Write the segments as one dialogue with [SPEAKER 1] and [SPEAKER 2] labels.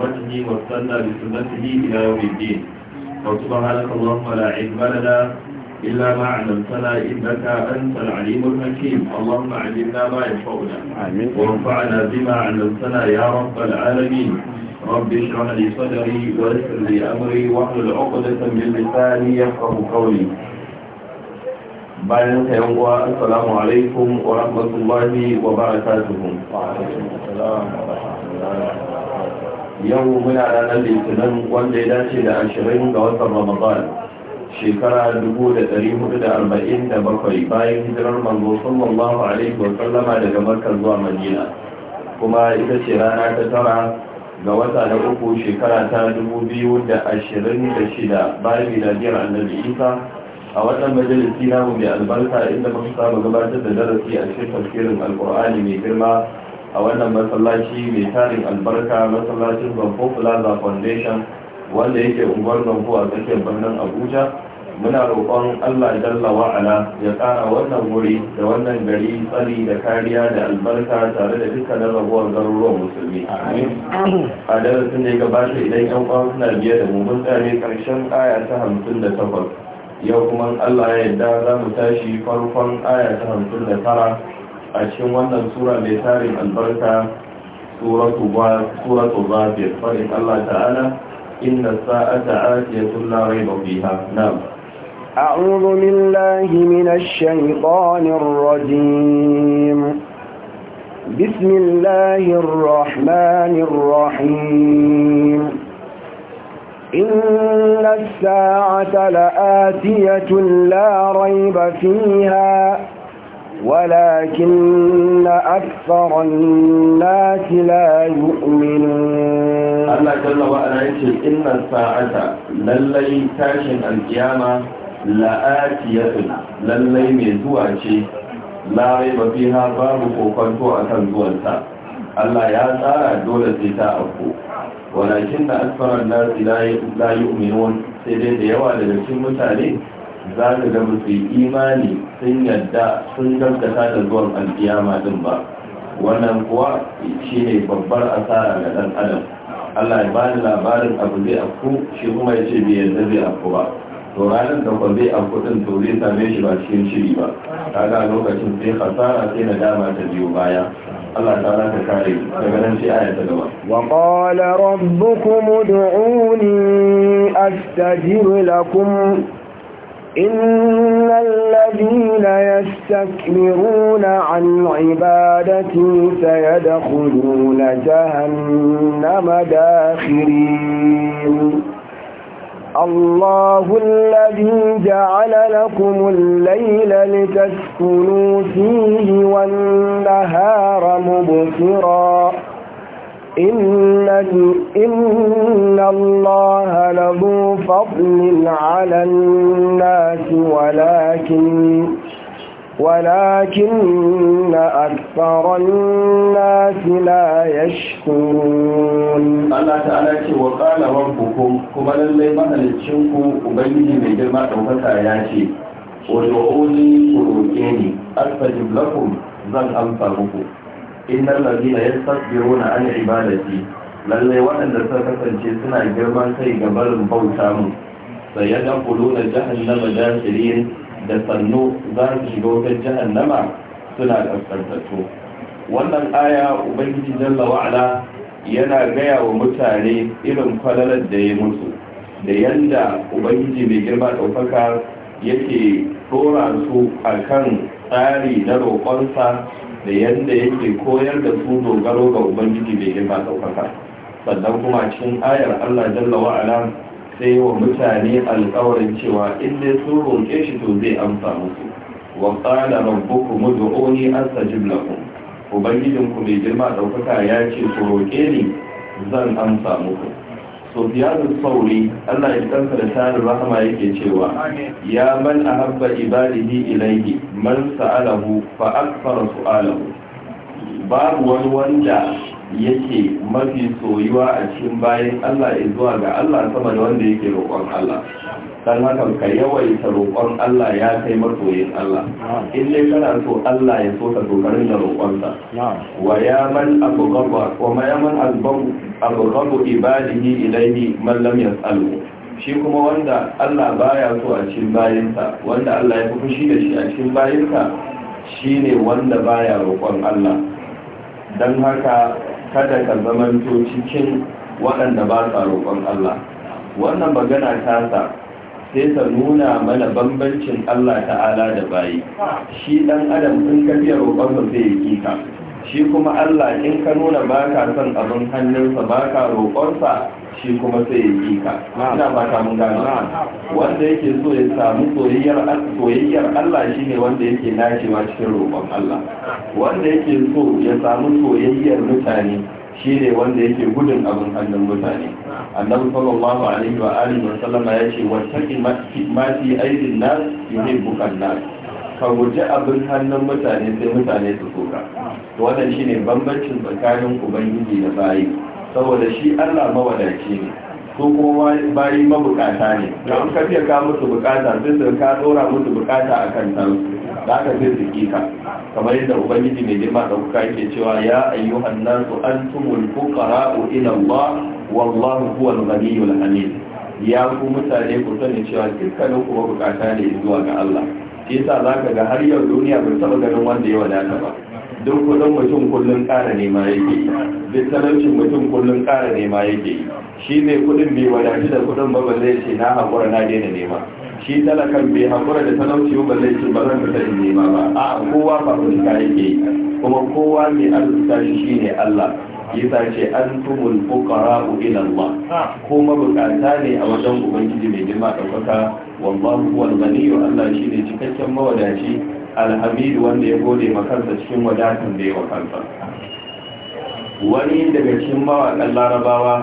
[SPEAKER 1] كرمته واستنى بسنته إلى يوم الدين وسبحانك اللهم لا علم لنا إلا ما علمتنا إنك أنت العليم الحكيم اللهم علمنا ما ينفعنا وانفعنا بما علمتنا يا رب العالمين رب اشرح لي صدري ويسر لي أمري واحلل عقدة من لساني يفقه قولي بعد ka yan uwa عليكم ورحمه الله وبركاته. وعليكم السلام ورحمه الله yau muna ranar litinin wanda ya dace da ashirin ga watan ramadan shekara 1447 bayan hijirar manzo sallallahu alaihi wa sallama daga makka zuwa madina kuma ita ce rana ta tara ga wata na uku shekara ta 2026 bayan miladiyar annabi isa a wannan majalisi mu mai albarka inda muka saba gabatar da darasi a cikin tafsirin alkur'ani mai girma a wannan masallaci mai tarin albarka masallacin gamfo plaza foundation wanda yake unguwar gamfo a tsakiyar birnin abuja muna roƙon allah jalla wa'ala ya ƙara wannan wuri da wannan gari tsari da kariya da albarka tare da dukkanin rabuwar garuruwan musulmi a darasin da ya gabata idan yan kwan suna biye da mu mun tsare ƙarshen aya ta hamsin da takwas yau kuma allah ya yarda za mu tashi farkon aya ta hamsin da tara a cikin wannan sura mai tarin albarka suratu zafir faɗin Allah ta'ala inna sa'ata atiyatun la raiba fiha na'am
[SPEAKER 2] a'udhu billahi minash shaitanir rajim بسم الله الرحمن الرحيم إن الساعة لآتية لا ريب فيها ولكن أكثر الناس لا يؤمنون الله جل وعلا
[SPEAKER 1] يقول إن الساعة للي تاشن القيامة لآتية للي ميزواتي لا ريب فيها باب فوقنتو أكن زوالتا الله يا تارى دولة تاأفو ولكن أكثر الناس لا يؤمنون سيدين ديوا للكين متعلين za ka ga musu imani sun yadda sun gaskata da zuwan alkiyama din ba wannan kuwa shi ne babbar asara ga dan adam Allah ya bani labarin abu zai afku shi kuma ya ce bai yadda zai afku ba to ranar da kwa zai afku din to zai same shi ba cikin shiri ba ga lokacin sai hasara sai dama ta biyu baya a
[SPEAKER 2] ربكم ادعوني أستجب لكم إن الذين يستكبرون عن عبادتي سيدخلون جهنم داخرين الله الذي جعل لكم الليل لتسكنوا فيه والنهار مبصراً إن, إن الله لذو فضل على الناس ولكن ولكن أكثر الناس لا يشكرون الله تعالى
[SPEAKER 1] وقال ربكم كما للي مهل تشنكو أبيه من جمع توفتا ياتي ودعوني قلوكيني أستجب لكم ذن أنفركم ya ladina na an ibadati lallai waɗanda suka kasance suna girman kai ga barin bauta mu sai ya dan kulo da jahannama jahilin da sannu za su shiga wutar jahannama suna kaskantattu wannan aya ubangiji jalla wa'ala yana gaya wa mutane irin falalar da ya musu da yanda ubangiji mai girma ɗaukaka yake ɗora su kan tsari na roƙonsa da yadda yake koyar da su dogaro ga ubangiji mai girma ɗaukaka sannan kuma cikin ayar allah jalla ala sai wa mutane alƙawarin cewa in dai su roƙe shi to zai amsa musu wa qala rabbukum ud'uni astajib lakum ubangijinku mai girma ɗaukaka ya ce ku roƙe ni zan amsa muku sofiyar sauri allah ya da tarin rahama yake cewa ya man habba ibadihi ilaihi man sa'alahu fa su su'alahu babu wani wanda yake mafi soyuwa a cikin bayan allah zuwa ga allah sama da wanda yake roƙon allah dan haka ka yawaita roƙon Allah ya kai matoyin Allah in dai kana so Allah ya so ka dokarin da roƙonsa wa ya man abghaba wa ma ya man abghaba ibadihi ilayhi man lam yas'alu shi kuma wanda Allah baya so a cikin bayinsa wanda Allah ya fi fushi da shi a cikin bayinsa shine wanda baya roƙon Allah dan haka kada ka zamanto cikin waɗanda ba sa roƙon Allah wannan magana ta sa sai ta nuna mana bambancin Allah ta'ala da bayi shi dan adam in ka fiye roƙonsa zai yi ka. shi kuma Allah in ka nuna ba ka son abin hannunsa ba ka roƙonsa shi kuma sai ya ka. ina ba ka mun gano wanda yake so ya samu soyayyar soyayyar Allah shine wanda yake nacewa cikin roƙon Allah wanda yake so ya samu soyayyar mutane shi ne wanda yake gudun abin hannun mutane annabi sallallahu alaihi wa alihi wa sallama ya ce wattaqi ma fi aidin nas yuhibbuka nas ka guji abin hannun mutane sai mutane su soka wannan shine bambancin tsakanin ubangiji da bayi saboda shi Allah mawadaci ne su kuma bayi mabukata ne don ka fiye ka musu bukata sai su ka dora musu bukata a kan da aka zai rike ka kamar yadda ubangiji mai girma da kuka yake cewa ya ayyuhan nasu antumul fuqara'u ila Allah wallahu huwal ghaniyyul hamid ya ku mutane ku sani cewa dukkanin ku bukata ne zuwa ga Allah shi yasa zaka ga har yau duniya bai taba ganin wanda ya wadata ba duk kudin mutum kullum ƙara nema yake yi duk talaucin mutum kullum ƙara nema yake shi ne kudin bai wadaci da kudin ba ba zai ce na haƙura na daina nema shi talakan bai hakura da talauci ba zai ce ba zan fita ne nema ba a kowa ba fita yake kuma kowa mai arzuta shi shine Allah yasa ce an tumul fuqara ila Allah kuma bukata ne a wajen ubangiji mai girma daukaka wallahu huwal ghani wa Allah shine cikakken mawadaci alhamid wanda ya gode ma kansa cikin wadatan da ya wa kansa wani daga cikin mawakan larabawa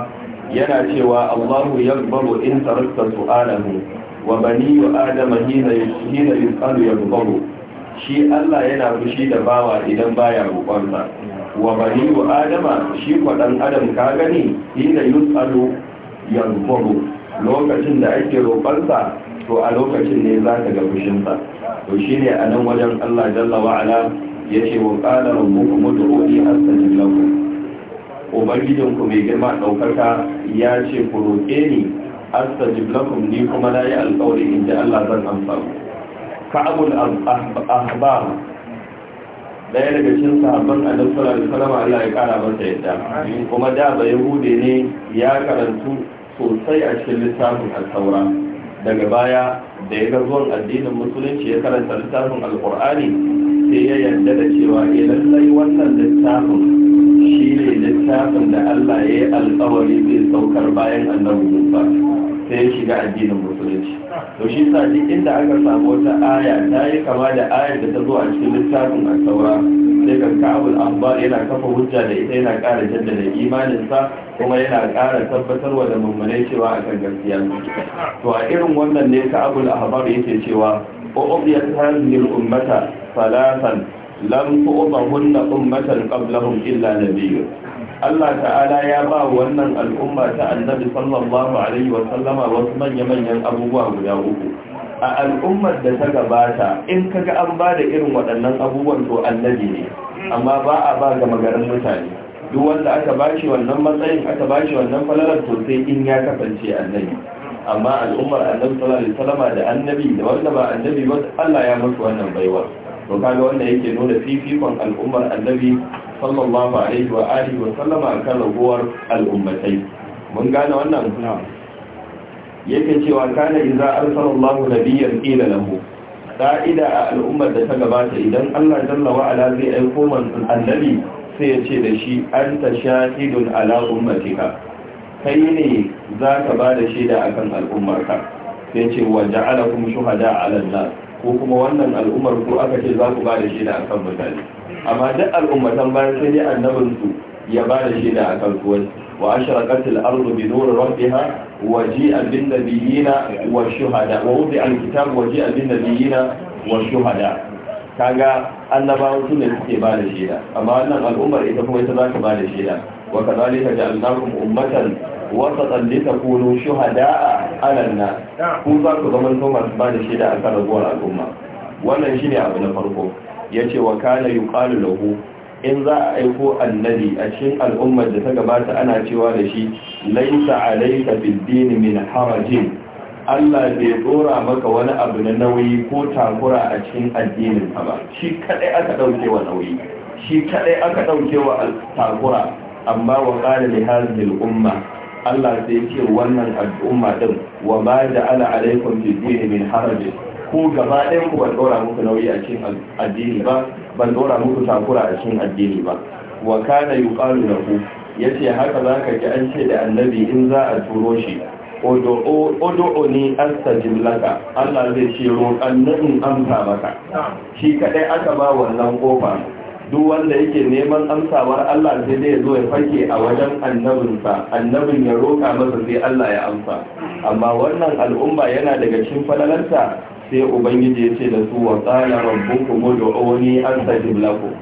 [SPEAKER 1] yana cewa Allahu yaqbalu in tarakta su'alahu wa bani wa adama hina yusalu ya rubaru shi Allah yana fushi da bawa idan baya roƙonsa wa bani wa adama shi kwaɗan adam ka gani hina yusalu ya rubaru lokacin da ake roƙonsa to a lokacin ne za ka ga fushinsa to shine ne a nan wajen Allah jalla wa'ala ya ce wa ƙala rabbukum ud'uni astajib lakum ubangijinku mai girma ɗaukaka ya ce ku roƙe ni astajib lakum ni kuma na yi alƙawari inda Allah zan amsa ku ka'abul ahbar daya daga cikin sahabban annabi sallallahu alaihi wasallam Allah ya kara masa yadda kuma da ba yahude ne ya karantu sosai a cikin littafin al daga baya da ya zuwan addinin musulunci ya karanta littafin alkur'ani sai ya yarda da cewa ya lallai wannan littafin shi ne littafin da allah ya yi alkawari zai saukar bayan annabi musa sai ya shiga addinin musulunci to shi sa duk inda aka samu wata aya ta yi kama da ayar da ta zo a cikin littafin asaura sai kan ka'abul yana kafa hujja da ita yana kara jaddada imaninsa kuma yana ƙara tabbatarwa da mummunai cewa akan gaskiya to a irin wannan ne ka'abul ahbar yake cewa uqdiyat ta al-ummata salatan lam tu'tahunna ummatan qablahum illa nabiyyun Allah ta'ala ya ba wannan al'umma ta annabi sallallahu alaihi wa sallama wasu manya-manyan abubuwa guda uku a al'ummar da ta gabata in kaga an ba da irin waɗannan abubuwan to annabi ne amma ba a ba ga magarin mutane duk wanda aka ba shi wannan matsayin aka ba shi wannan falalar to sai in ya kasance annabi amma al'ummar annabi sallallahu alaihi wasallama da annabi da wanda ba annabi ba Allah ya musu wannan baiwa to kaga wanda yake nuna fifikon al'ummar annabi sallallahu alaihi wa alihi wa sallama akan raguwar al'ummatai mun gane wannan yake cewa kana idza arsalallahu nabiyyan ila lahu ka'ida a al'ummar da ta gabata idan Allah jalla wa ala zai aiko manzon annabi sai ya ce da shi anta shahidun ala ummatika kai ne zaka ba da shaida akan al'ummarka sai ce wa ja'alakum shuhada ala nas ko kuma wannan al'ummar ko aka ce za ku ba da shaida akan mutane amma duk al'ummatan bayan sai dai annabinsu ya ba da shaida a kan kuwa wa ashraqat al-ardu bi nur rabbiha wa ji'a bin nabiyina wa shuhada wa wudi al-kitab wa ji'a bin nabiyina wa shuhada kaga annabawa su ne suke ba da shaida amma wannan al'ummar ita kuma ita za ta ba da shaida wa kadhalika ja'alnakum ummatan wasatan litakunu shuhada'a 'ala an-nas ku za ku zama masu ba da shaida a kan rabuwar al'umma wannan shine abu na farko yace wa kana yuqalu lahu in za a aiko annabi a cikin al'ummar da ta gabata ana cewa da shi laisa alayka fid din min harajin Allah bai tsora maka wani abu na nauyi ko takura a cikin addinin ka ba shi kadai aka dauke wa nauyi shi kadai aka dauke wa takura amma wa qala li hadhihi umma Allah sai ce wannan al'umma din wa ma ja'ala alaykum fid din min harajin ko gaba ɗayan ku ban ɗora muku nauyi a cikin addini ba ban ɗora muku takura a cikin addini ba wa kana yuqalu lahu yace haka zaka ji an ce da annabi in za a turo shi odo'o ni astajib laka Allah zai ce roƙan in amsa maka shi kadai aka ba wannan kofa duk wanda yake neman amsawar Allah sai dai zo ya fake a wajen annabinsa annabin ya roka masa sai Allah ya amsa amma wannan al'umma yana daga cikin falalarsa sai ubangiji ya ce da su wa tsala rabbukum an astajib lakum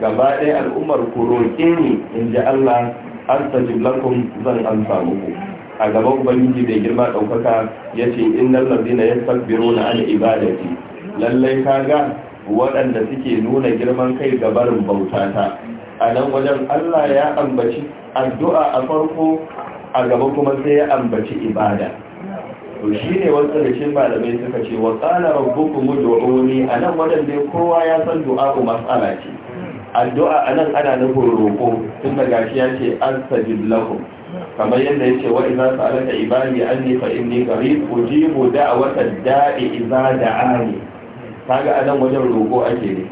[SPEAKER 1] gaba ɗaya al'ummar ku roƙe ni in ji Allah astajib zan amsa muku a gaba ubangiji bai girma ɗaukaka ya ce na innal ladina na an ibadati lallai ka ga waɗanda suke nuna girman kai ga barin bautata a nan wajen Allah ya ambaci addu'a a farko a gaba kuma sai ya ambaci ibada to shi ne wasu da shi malamai suka ce wa tsala rabbukum ud'uni a nan waɗanda kowa ya san du'a ko ce addu'a a nan ana nufin roƙo tun da gashi ya ce an sajid kamar yadda ya ce wa idza sa'alaka ibadi anni fa mu da ujibu da'wata da'i idza da'ani kaga anan wajen roƙo ake ne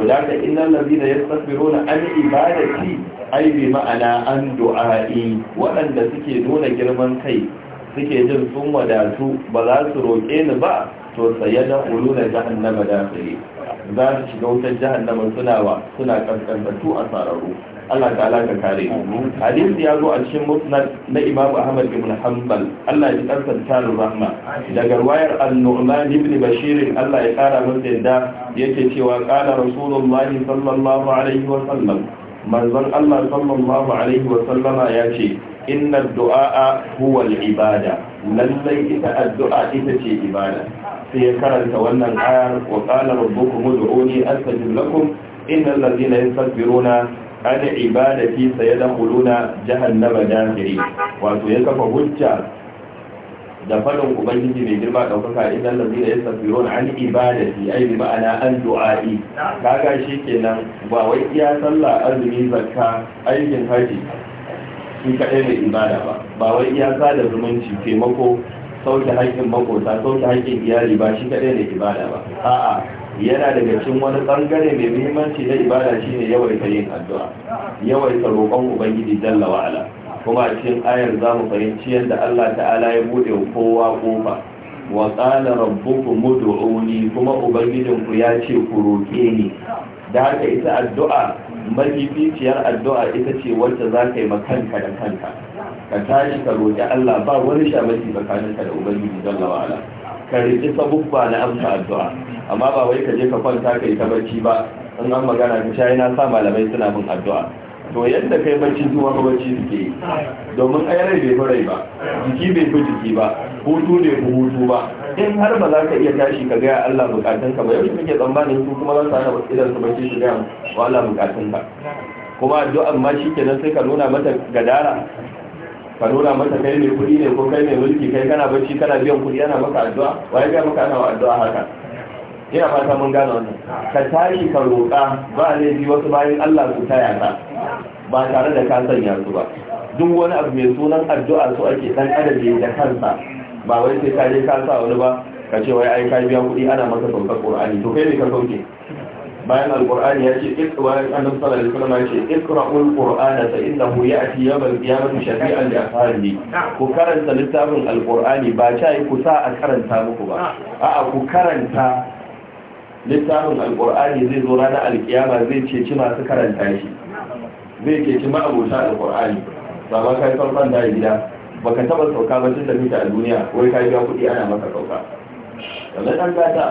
[SPEAKER 1] to da ka ya ladina yastakbiruna an ibadati ai bi ma'ana an du'a'i waɗanda suke nuna girman kai suke jin sun wadatu ba za su roƙe ni ba to tsaye da uluna jahannama da tsaye za su shiga wutar jahannama suna wa suna kaskantattu a sararu Allah ta'ala alaka kare hadisi ya zo a cikin musnad na Imam Ahmad ibn Hanbal Allah ya karsa tarin rahma daga wayar An-Nu'man ibn Bashir Allah ya kara masa yadda yake cewa qala Rasulullahi sallallahu alaihi wa sallam manzon Allah sallallahu alaihi wa sallama ya ce inna du'a huwa al-ibada lallai ita addu'a ita ce ibada sai ya karanta wannan aya wa qala rabbukum ud'uni astajib lakum innal ladina yastakbiruna an ibadati sayadkhuluna jahannama dakhiri wato ya kafa hujja da fadin ubangiji mai girma daukaka idan ladina yastakbiruna an ibadati ai bi ma'ana an du'a'i kaga kenan ba wai iya sallah azumi zakka aikin haji shi kaɗai mai ibada ba ba wai iya sada zumunci taimako sauke haƙƙin makota sauke haƙƙin iyali ba shi kaɗai mai ibada ba a'a yana daga cikin wani ɓangare mai muhimmanci na ibada shine yawaita yin addu'a yawaita roƙon ubangiji dan wa'ala kuma a cikin ayar za mu fahimci yadda Allah ta'ala ya buɗe wa kowa ƙofa wa qala rabbukum ud'uni kuma ubangijinku ya ce ku roƙe ni da haka ita addu'a mafificiyar addu'a ita ce wacce za ka yi makanka da kanka ka tashi ka roƙi Allah ba wani shamaki tsakaninka da ubangiji don lawala ka riƙi sabubba na amsa addu'a amma ba wai ka je ka kwanta ka yi ta barci ba in an magana ka sha yana sa malamai suna bin addu'a to yadda kai bacci su wani bacci suke domin ayarai bai fi rai ba jiki bai fi jiki ba hutu bai fi hutu ba in har ba za ka iya tashi ka gaya Allah bukatun ka ba yau kake tsammanin su kuma za su hana idan su bacci su gaya wa Allah bukatun ka kuma addu'an ma shi kenan sai ka nuna mata gadara ka nuna mata kai mai kuɗi ne ko kai mai mulki kai kana bacci kana biyan kuɗi ana maka addu'a waye ga maka ana addu'a haka ina fata mun gane wannan ka tashi ka roƙa ba laifi wasu bayan Allah su taya ka ba tare da ka sanya su ba duk wani abu mai sunan addu'a su ake dan adadi da kansa ba wai sai ka je ka sa wani ba ka ce wai ai ka biya kuɗi ana masa saukar qur'ani to kai ne ka sauke bayan alqur'ani ya ce ikra annabi sallallahu alaihi wasallam ya ce ikra'ul qur'ana fa innahu ya'ti yawmal qiyamati shafi'an li ashabihi ku karanta littafin alqur'ani ba cai ku sa a karanta muku ba a'a ku karanta littafin alqur'ani zai zo ranar alqiyama zai ceci masu karanta shi zai ke kima abota da ƙwar'ani ba ma kai farfan da gida baka taba sauka ba tun da mita a duniya wai ka biya kuɗi ana maka sauka yanzu ɗan gata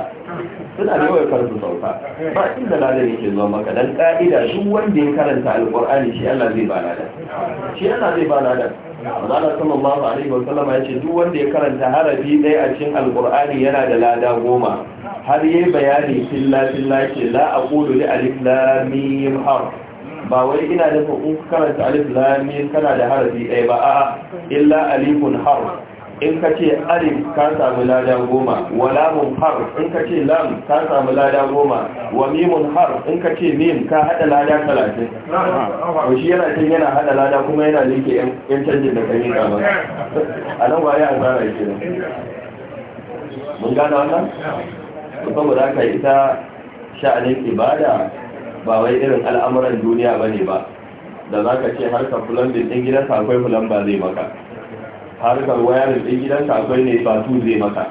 [SPEAKER 1] suna da yawan karsu sauka ba inda lada ne ke zuwa maka dan ƙa'ida duk wanda ya karanta alƙur'ani shi Allah zai ba lada shi Allah zai ba lada Allah sallallahu alaihi wa sallama ya ce duk wanda ya karanta harafi ɗaya a cikin alƙur'ani yana da lada goma har yayi bayani filla filla ce la aqulu li alif lam mim ba wai ina da in karanta alif lamin kana da harafi ɗaya ba a illa alifun har in ka ce alif ka samu lada goma wa lamun har in ka ce lam ka samu lada goma wa mimun har in ka ce mim ka hada lada talatin ko shi yana cin yana hada lada kuma yana linke yan canjin da kan yi kama a nan ba ya asara ke
[SPEAKER 3] mun gane wannan?
[SPEAKER 1] saboda ka ita sha'anin ibada ba wai irin al'amuran duniya ba ne ba da za ka ce harkar fulambin ɗin gidan akwai fulamba zai maka harkar wayarin ɗin gidan akwai ne batu zai maka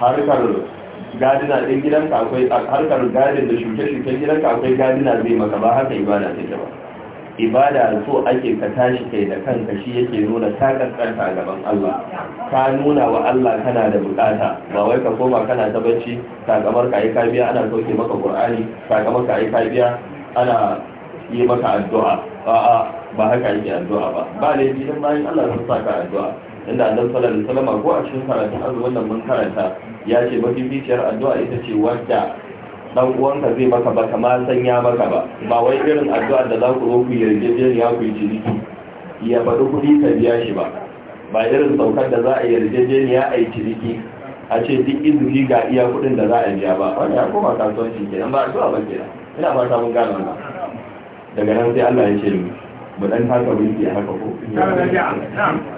[SPEAKER 1] harkar gadina ɗin gidan akwai harkar gadin da shuke-shuken gidan akwai gadina zai maka ba haka ibada take ba ibada so ake ka tashi kai da kanka shi yake nuna ta kankanta a gaban Allah ka nuna wa Allah kana da bukata ba wai ka koma kana ta bacci sakamar ka yi kabiya ana sauke maka qur'ani sakamar ka yi kabiya ana yi maka addu'a a'a ba haka yake addu'a ba ba laifi dan bayan Allah sun saka addu'a inda annabi sallallahu alaihi wasallam ko a cikin karatun azumin nan mun karanta ya ce mafi biciyar addu'a ita ce wadda dan uwanka zai maka ba ma san ya maka ba ba wai irin addu'ar da za ku zo ku yarjejeniya ku yi ciniki ya bari kuɗi ka biya shi ba ba irin saukar da za a yarjejeniya a yi ciniki a ce duk izini ga iya kuɗin da za a biya ba wani ya koma kasuwanci kenan ba addu'a ba nan ina fata mun gano ba daga nan sai Allah ya ce mu dan taka wuri haka ko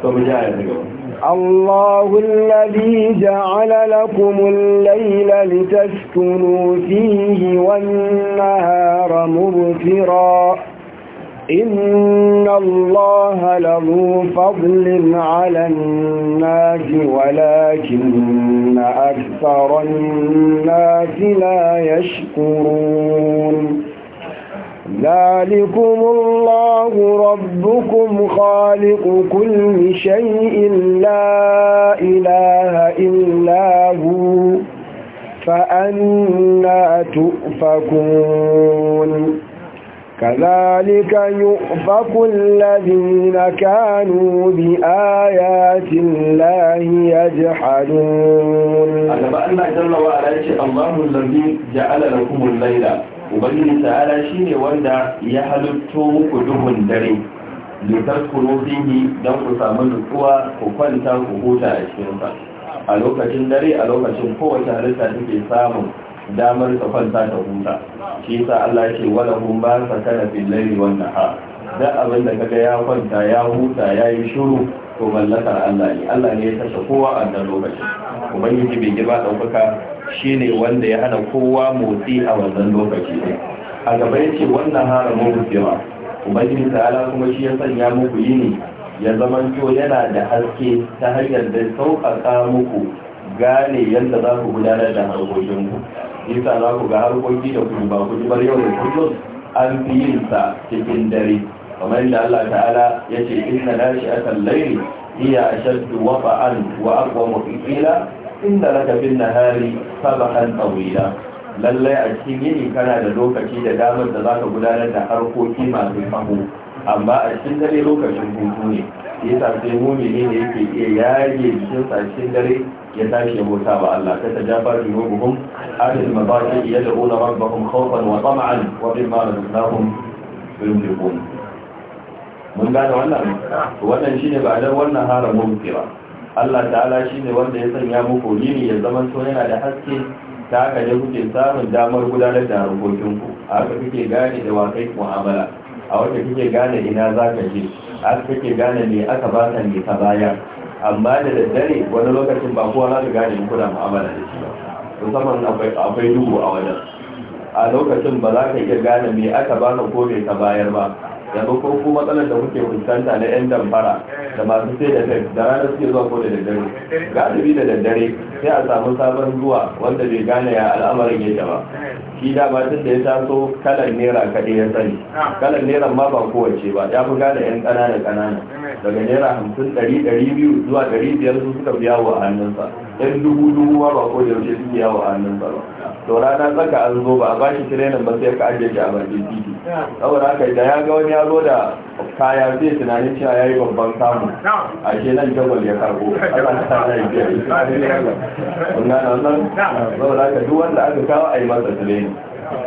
[SPEAKER 1] to mu ji a
[SPEAKER 2] yanzu gaba الله الذي جعل لكم الليل لتسكنوا فيه والنهار مبصرا إن الله لذو فضل على الناس ولكن أكثر الناس لا يشكرون ذلكم الله ربكم خالق كل شيء لا إله إلا هو فأنا تؤفكون كذلك يؤفك الذين كانوا بآيات الله يجحدون أتبأنا جل وعلا
[SPEAKER 1] الله الذي جعل لكم الليلة ubangiji ta'ala shine wanda ya halitto muku duhun dare litaskunu fihi dan ku samu nutsuwa ku kwanta ku huta a cikin sa a lokacin dare a lokacin kowace halitta take samun damar ta kwanta ta huta shi sa Allah ya ce wala hum ba kana fil layli wan nahar da abin da kaga ya kwanta ya huta ya yi shiru to mallakar Allah ne Allah ne ya kashe kowa a dan lokacin ubangiji bai ba daukaka shine wanda ya hana kowa motsi a wannan lokaci a gaba yace wannan haramun rufewa ubangiji ta'ala kuma shi ya sanya muku yini ya zama to yana da haske ta hanyar da sauƙaƙa muku gane yadda za ku gudanar da harkokinku nisa za ku ga harkoki da ku ba ku bar yau da kullum an fi yin sa cikin dare kamar yadda Allah ta'ala ya ce inna nashi akan laili iya ashaddu wafa'an wa aqwa muqila inda laka bin nahari sabahan tawila lallai a cikin yini kana da lokaci da damar da za ka gudanar da harkoki masu tsaho amma a cikin dare lokacin hutu ne yasa sai mumini ne da yake iya yage cikin cikin dare ya tashi ya bauta wa Allah ta tajafa junubuhum hadis mabaki yad'una rabbahum khawfan wa tam'an wa mimma bin yunfiqun mun gane wannan wannan shine ba dan wannan haramun kira Allah ta'ala shi ne wanda ya sanya muku yini ya zama to yana da haske ta haka ne kuke samun damar gudanar da harkokinku a haka kuke gane da wakai mu'amala a wata kuke gane ina za ka je a haka kuke gane me aka ba ka ne ta baya amma da daddare wani lokacin ba kowa za ka gane in kuna mu'amala da shi ba musamman akwai duhu a wajen a lokacin ba za ka iya gane me aka ba ka ko me ka bayar ba yanzu ko ku matsalar da kuke fuskanta na yan damfara da masu sai da fes da ranar suke zuwa ko da daddare galibi da daddare sai a samu sabon zuwa wanda bai gane ya al'amarin yake ba shi ba tun da ya taso kalan naira kaɗai ya sani kalan naira ma ba kowace ba ya fi gane yan ƙanana ƙanana daga naira hamsin ɗari ɗari biyu zuwa ɗari biyar su suka biya wa hannunsa yan dubu dubu ma ba kowace yaushe suke yawo a hannunsa ba to rana tsaka an zo ba a bashi tirenin ba sai ka ajiye shi a bakin titi saboda haka da ya ga wani zo da kaya zai tunanin cewa yi babban samu a ke nan jagwal ya karbo ana ta na yi wannan saboda haka duk wanda aka kawo a yi masa training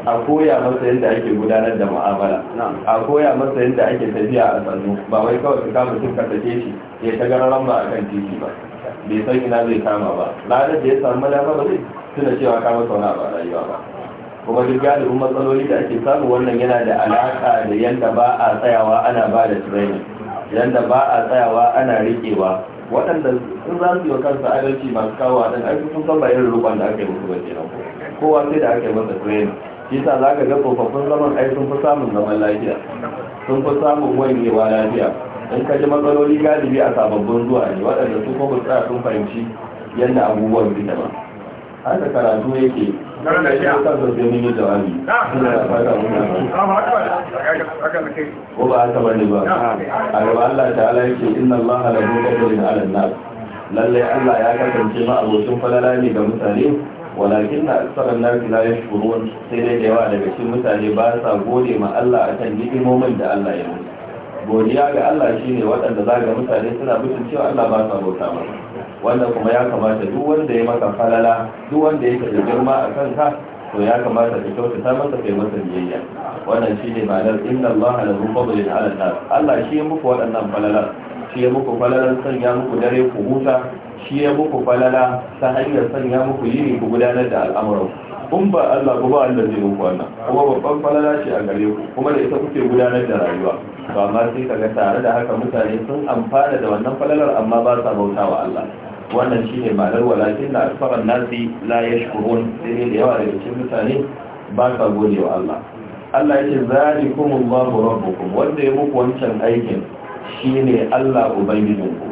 [SPEAKER 1] a koya masa yadda ake gudanar da mu'amala a koya masa yadda ake tafiya a sannu ba wai kawai su kama cin kasace shi ya ta gara lamba a kan titi ba bai san ina zai kama ba ranar da ya samu madafa ba zai tuna cewa kama sauna ba rayuwa ba kuma duk kuma matsaloli da ake samu wannan yana da alaka da yadda ba a tsayawa ana ba da training yadda ba a tsayawa ana rikewa waɗanda sun za su yi wa kansu adalci masu kawo a ɗan aiki sun san irin rukon da ake musu ba kenan kowa sai da ake masa training shi sa za ka ga tsofaffin zaman ai sun fi samun zaman lafiya sun fi samun wanyewa lafiya in ka ji matsaloli galibi a sababbin zuwa ne waɗanda su kuma tsaya sun fahimci yadda abubuwan fita ba haka karatu yake ko ba haka bane ba a gaba Allah ta'ala yake inna Allah la yuqdiru ala an-nas lalle Allah ya kasance ma abokin falala ne ga mutane walakin na aksarar nafi la sai dai da yawa daga cikin mutane ba sa gode ma Allah akan ni'imomin da Allah ya musu godiya ga Allah shi shine waɗanda zaga mutane suna mutuncewa Allah ba sa bauta ba. wanda kuma ya kamata duk wanda ya maka falala duk wanda ya da girma a kanka to ya kamata ka kyautata masa kai masa biyayya wannan shine ma'anar inna allaha la fadlin 'ala nas Allah shi ya muku waɗannan falala shi ya muku san sanya muku dare ku huta shi ya muku falala ta hanyar sanya muku yini ku gudanar da al'amuran kun ba Allah ku ba Allah zai muku wannan kuma babban falala shi a gare ku kuma da ita kuke gudanar da rayuwa to amma sai kaga tare da haka mutane sun amfana da wannan falalar amma ba sa bautawa Allah wannan shine ma'anar walakin da asfaran Nazi la yashkurun sai da yawa daga cikin mutane ba sa gode wa Allah Allah mu zalikumullahu rabbukum wanda ya muku wancan aikin shine Allah ubangijinku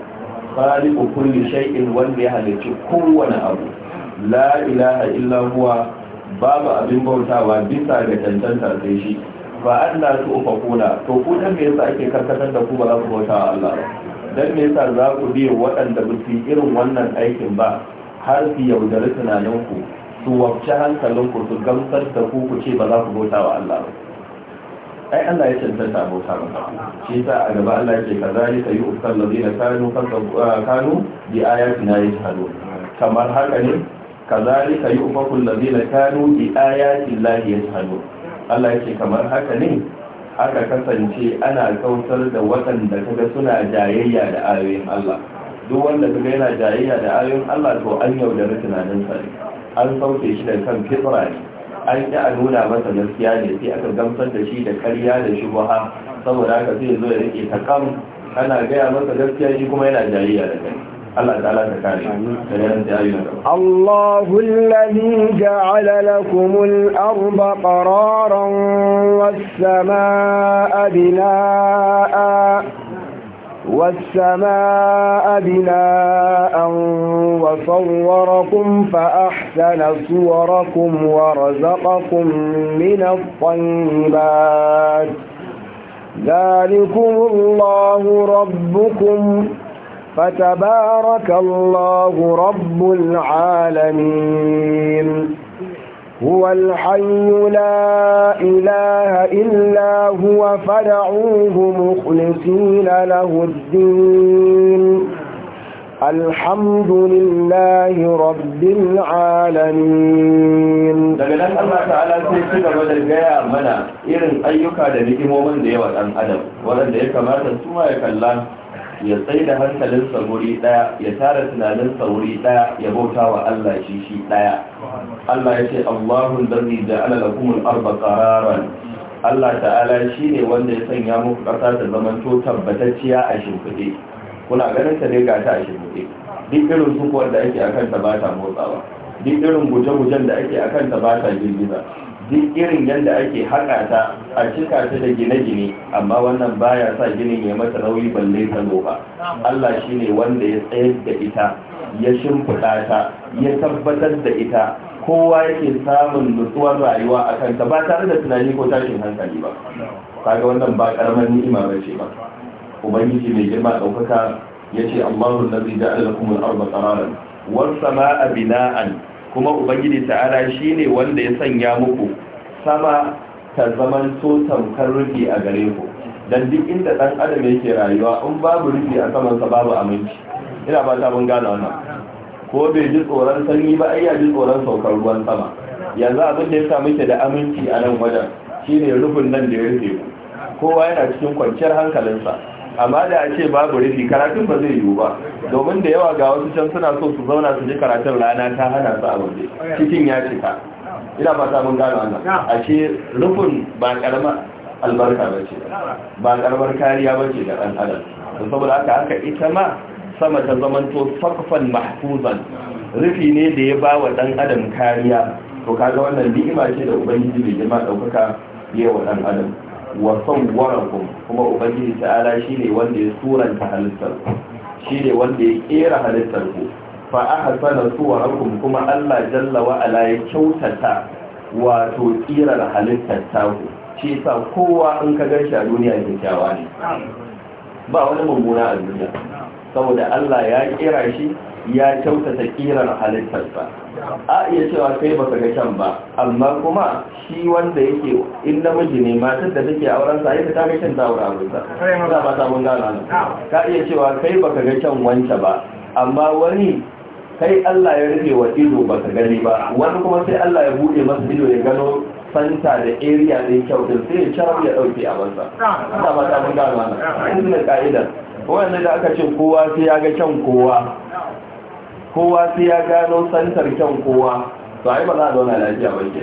[SPEAKER 1] ku kulli shay'in wanda ya halarci kowane abu la ilaha illa huwa babu abin bautawa bisa ga tantanta sai shi ba Allah su ufakuna to ku dan me yasa ake karkatar da ku ba za ku bauta Allah ba don me yasa za ku biya waɗanda ba su irin wannan aikin ba har su yaudari tunaninku su wabce hankalinku su gamsar da ku ku ce ba za ku bauta wa Allah ba ai Allah ya cancanta bauta ba shi yasa a gaba Allah ya ce kazalika yu'tal ladina kanu ah, kanu bi ayatina yajhadun kamar haka ne kazalika yu'faku ladina kanu bi ayati llahi yajhadun Allah ya ce kamar haka ne aka kasance ana kautar da waɗanda kaga suna jayayya da ayoyin Allah duk wanda kaga yana jayayya da ayoyin Allah to an yaudara tunaninsa ne an sauke shi da kan fitra ne an yi a nuna masa gaskiya ne sai aka gamsar da shi da karya da shubaha saboda haka sai zo ya rike ta kam ana gaya masa gaskiya shi kuma yana jayayya da kai
[SPEAKER 2] الله الذي جعل لكم الأرض قرارا والسماء بناء والسماء بناء وصوركم فأحسن صوركم ورزقكم من الطيبات ذلكم الله ربكم فتبارك الله رب العالمين هو الحي لا إله إلا هو فدعوه مخلصين له الدين الحمد لله رب العالمين daga nan Allah
[SPEAKER 1] ta'ala sai ci gaba da gaya mana irin ayyuka da ni'imomin da yawa dan adam wanda ya kamata su ma ya kalla ya tsaye da hankalinsa wuri ɗaya, ya tara tunaninsa wuri ɗaya, ya bauta wa Allah shi shi ɗaya Allah ya ce Allahun darni da alalakumul arba qararan Allah ta'ala shi ne wanda ya sanya muku ƙasa ta zaman to tabbatacciya a shimfiɗe kuna ganin ta ne ga ta a shimfiɗe duk irin sukuwar da ake akan ta ba ta motsawa duk irin guje-gujen da ake akan ta ba ta girgiza duk irin yadda ake haɗa ta a cika ta da gine-gine amma wannan baya sa ginin ya mata nauyi balle ta ba Allah shi ne wanda ya tsayar da ita ya shimfiɗa ta ya tabbatar da ita kowa yake samun nutsuwar rayuwa a kanta ba tare da tunani ko tashin hankali ba kaga wannan ba karamar ni'ima ba ce ba ubangiji mai girma ɗaukaka ya ce Allahu nazi ja'ala al-ardha qararan was bina'an kuma ubangiji ta'ala shine wanda ya sanya muku sama ta zaman to tamkar rufi a gare ku dan duk inda dan adam yake rayuwa in babu rufi a saman sa babu aminci ina ba ta mun gane wannan ko bai ji tsoron sanyi ba ai ya ji tsoron saukar ruwan sama yanzu abin da ya sa muke da aminci a nan wajen shine rufin nan da ya rufe kowa yana cikin kwanciyar hankalinsa amma da a ce babu rufi karatun ba zai yiwu ba domin da yawa ga wasu can suna so su zauna su ji karatun rana ta hana su a waje cikin ya cika ina ba samun gano wannan a ce rufin ba karamar albarka ba ce ba karamar kariya ba ce ga ɗan adam saboda haka haka ita ma sama ta zamanto sakfan mahfuzan rufi ne da ya ba wa ɗan adam kariya to kaga wannan ni'ima ce da ubangiji bai jima daukaka yawa ɗan adam wa sawwarakum kuma ubangiji ta'ala shine wanda ya suranta halittar ku shine wanda ya kera halittar ku fa ahsana suwarakum kuma Allah jalla wa ala ya kyautata wato kirar halittar ta ku shi kowa in ka ganshi a duniya kyakkyawa ne ba wani mummuna a duniya saboda Allah ya kera shi ya kyautata kirar halittarsa a iya cewa kai ba ga can ba amma kuma shi wanda yake in namiji ne matar da take auren sa yake ta ga can ta aure abin sa za ba ta mun gano ka iya cewa kai ba ga can wance ba amma wani kai Allah ya rufe wa ido ka gani ba wani kuma sai Allah ya bude masa ido ya gano fanta da area ne kyau din sai ya charar ya dauke a wansa. za ba ta mun gano wannan ka'idar wanda da aka ce kowa sai ya ga can kowa kowa sai ya gano santar kyan kowa to ai ba za a zauna lafiya ba ke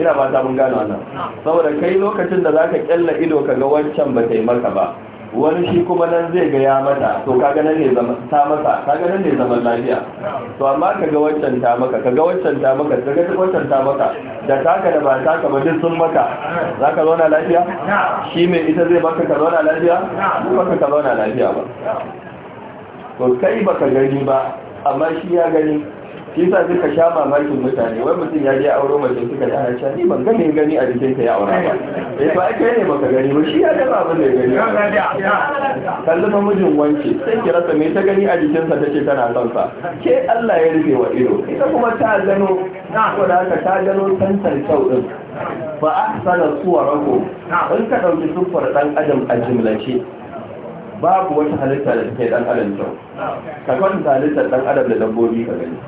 [SPEAKER 1] ina ba ta mun gano wannan saboda kai lokacin da za ka kyalla ido ka ga wancan ba ta yi maka ba wani shi kuma nan zai ga ya mata to ga nan ne zama ta masa kaga nan ne zaman lafiya to amma ga wancan ta maka ga wancan ta maka ka ga wancan ta maka da taka da ba taka ba duk sun maka ka zauna lafiya shi mai ita zai baka ka zauna lafiya baka ka zauna lafiya ba to kai baka gani ba amma shi ya gani shi sa suka sha mamakin mutane wai mutum ya je auro mace suka da ana ni ban gane gani a jikin ka ya aura ba eh ba kai ne baka gani ba shi ya ga ba da gani kallon fa mijin wance sai ki rasa me ta gani a jikin sa tace tana son sa ke Allah ya rufe wa ido ita kuma ta gano ko da haka ta gano tantar kyau din fa ahsana suwarakum in ka dauki sufar dan adam a jimlace babu wata halitta da take dan adam kyau ka karanta halitta dan adam da dabbobi ka gani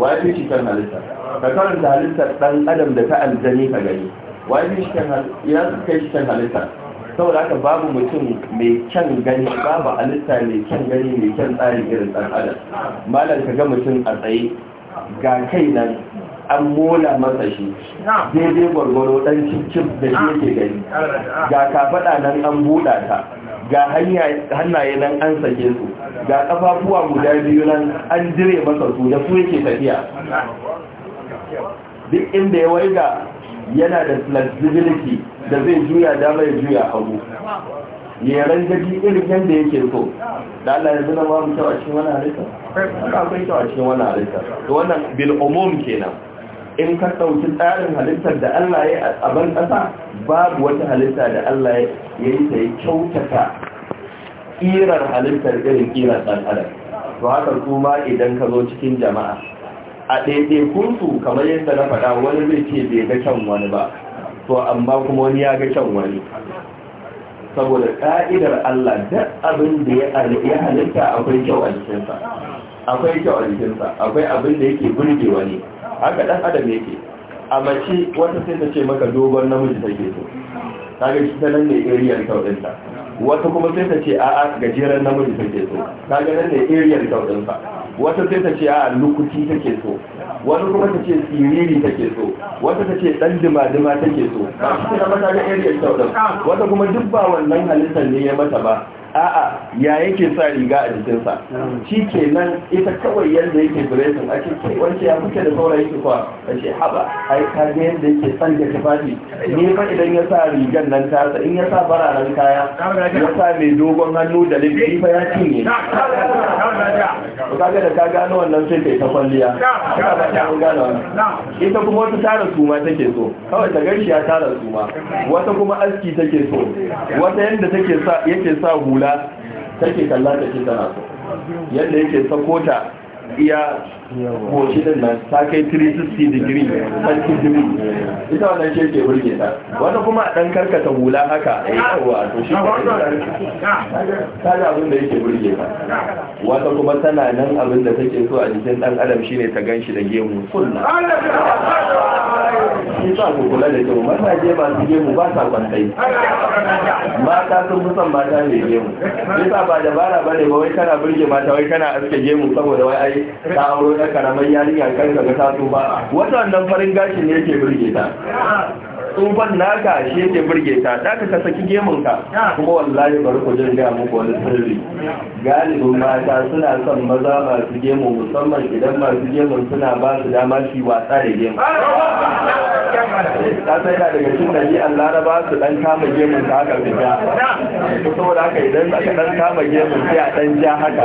[SPEAKER 1] wa fi shi kan halitta ka karanta halitta dan adam da ta aljani ka gani wa ya shi kan ya kai shi kan halitta saboda haka babu mutum mai kyan gani babu halitta mai kyan gani mai kyan tsari irin dan adam malam ka ga mutum a tsaye ga kai nan an mola masa shi daidai gwargwaro dan cikin da shi ke gani ga ka faɗa nan an buɗa ta ga hannaye nan an sake su ga kafafuwa guda biyu nan an jire masa su da su yake tafiya duk inda ya waiga yana da flexibility da zai juya dama ya juya hagu yaren gaji irin yadda yake so da Allah ya zina ba mu kyau cikin wani halitta ba kyau a cikin wani halitta to wannan bil umum kenan in ka ɗauki tsarin halittar da Allah ya a tsaban ƙasa babu wata halitta da Allah ya yi ta yi kyautata ƙirar halittar irin ƙirar ɗan adam to haka kuma idan ka zo cikin jama'a a ɗaiɗaikunsu kamar yadda na faɗa wani zai ce bai ga kyan wani ba to amma kuma wani ya ga kyan wani saboda ƙa'idar Allah duk abin da ya halitta akwai kyau a jikinsa akwai kyau a jikinsa akwai abin da yake burge wani haka dan adam yake a mace wata sai ta ce maka dogon namiji take so kaga shi ta nan ne iriyar ta, wata kuma sai ta ce a'a gajeren namiji take so kaga nan ne iriyar ta wata sai ta ce a lukuti take so wata kuma ta ce tsiriri take so wata ta ce dan dima-dima take so ba shi ta mata ga iriyar kaudin wata kuma duk ba wannan halittar ne ya mata ba a'a ya yake sa riga a jikinsa shi ke nan ita kawai yadda yake biresin a cikin wance ya fice da saura yake kwa a ce haɓa ai ka ga yadda yake san da tufafi ne fa idan ya sa rigan nan tasa in ya sa bararan kaya ya sa mai dogon hannu da lifi fa ya cinye kaga da ka gano wannan sai yi ta kwalliya ta gano ita kuma wata tara suma take so kawai ta garshi ya tara suma wata kuma aski take so wata yadda take sa yake sa hula kalla take kalla take tana so yadda yake sako ta iya goshi din nan ta kai 360 digiri sarki digiri ita wannan ce ke burge ta wani kuma a ɗan karkata hula haka a yi yawa to shi ta
[SPEAKER 3] da
[SPEAKER 1] abin da yake burge ta wata kuma tana nan abin da take so a jikin ɗan adam shine ta gan shi da gemu sunna shi sa ku kula da kyau mazaje masu gemu ba sa kwantai mata sun fi son mata mai gemu shi sa ba dabara ba ne ba wai kana burge mata wai kana aske gemu saboda wai ai ta aure? yar karamar yarinya kan ga ta ba waɗannan farin gashi ne yake burge ta tsufan naka shi yake burge ta da ka ka saki gemun ka kuma wallahi bari ku jin ga muku wani sirri galibin mata suna son maza masu gemu musamman idan masu gemun suna ba su dama shi wasa da gemu ta sai da daga cikin dabi'an laraba su dan kama gemun ka haka fita saboda haka idan aka dan kama gemun sai a dan ja haka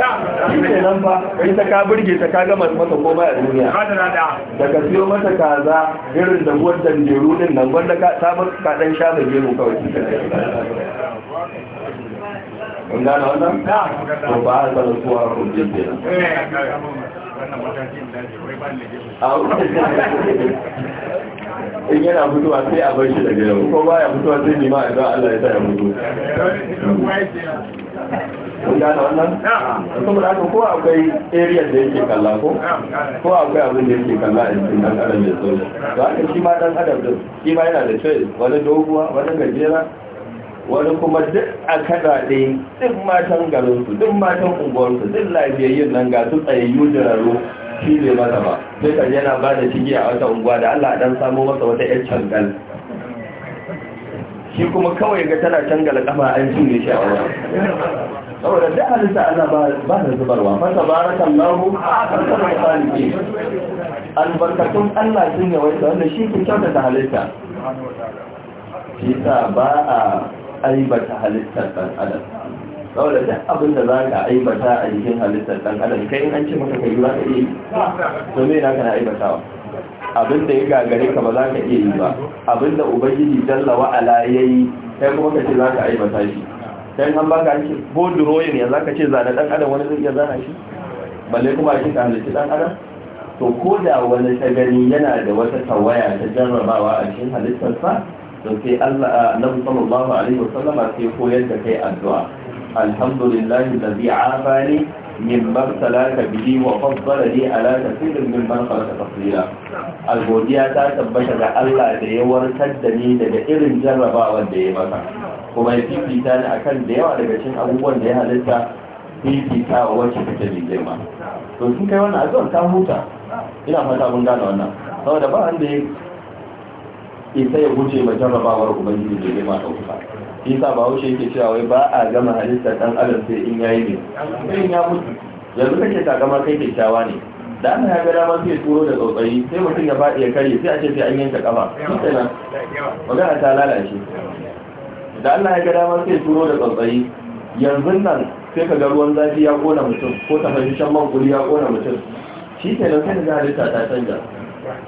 [SPEAKER 1] shi ne nan fa ita ka burge ta ka gama masa komai a duniya daga siyo mata kaza irin da buwar danderu din nan wanda ka dan sha mai gemu kawai kun gane wannan?
[SPEAKER 3] to ba a
[SPEAKER 1] in yana mutuwa sai a shi da gero ko ba ya mutuwa sai nima a Allah ya sa ya mutu da yake kalla ko a adam ya wani kuma duk a kada ɗaya duk matan garinsu duk matan unguwarsu duk lafiyayyun nan ga su tsayayyu jirarru shi ne mata ba sai kan yana ba da ciki a wata unguwa da allah dan samo masa wata yan cangal shi kuma kawai ga tana cangal kama an cinye shi a wata saboda duk halitta ana ba da zubarwa fata barakan lahu a kwanaki albarkatun allah sun yawaita wanda shi ke kyauta da halitta shi ta ba a aibata halittar ɗan adam saboda da abin da za ka aibata a jikin halittar ɗan adam kai in an ce maka kai za ka iya to me na ka na aibatawa abin da ya gagare ka ba za ka iya yi ba abin da ubangiji jalla wa'ala ya yi kai kuma ka ce za ka aibata shi dan an baka ake ko drawing ya zaka ce zana dan adam wani zai iya zana shi balle kuma shi ka halittu dan adam to ko da wani ta yana da wata tawaya ta jarrabawa a cikin halittarsa to sai Allah annabi sallallahu alaihi wasallam sai koyar da kai addu'a alhamdulillahi alladhi afani mimman salaka bihi wa fassara ala kasirin mimman salaka tafsira algodiya ta tabbata da Allah da ya warkar da ni daga irin jarrabawar da ya maka kuma ya fifita ni akan da yawa daga cikin abubuwan da ya halitta fifita wa wacce take mai girma to sun kai wannan azuwan ta huta ina fata gane wannan saboda ba an da ya isa ya guje ma jarrabawar ubangiji da girma ɗauka isa ba wuce yake cewa wai ba a gama halitta ɗan adam sai in yayi ne in ya mutu yanzu kake takama kai kyakkyawa ne da an ya ga dama sai turo da tsautsayi sai mutum ya faɗi ya karye sai a ce sai an yanka kafa kenan magana ta lalace da Allah ya ga dama sai turo da tsautsayi yanzu nan sai ka ga ruwan zafi ya kona mutum ko tafashin man kuli ya kona mutum shi kenan sai da halitta ta canja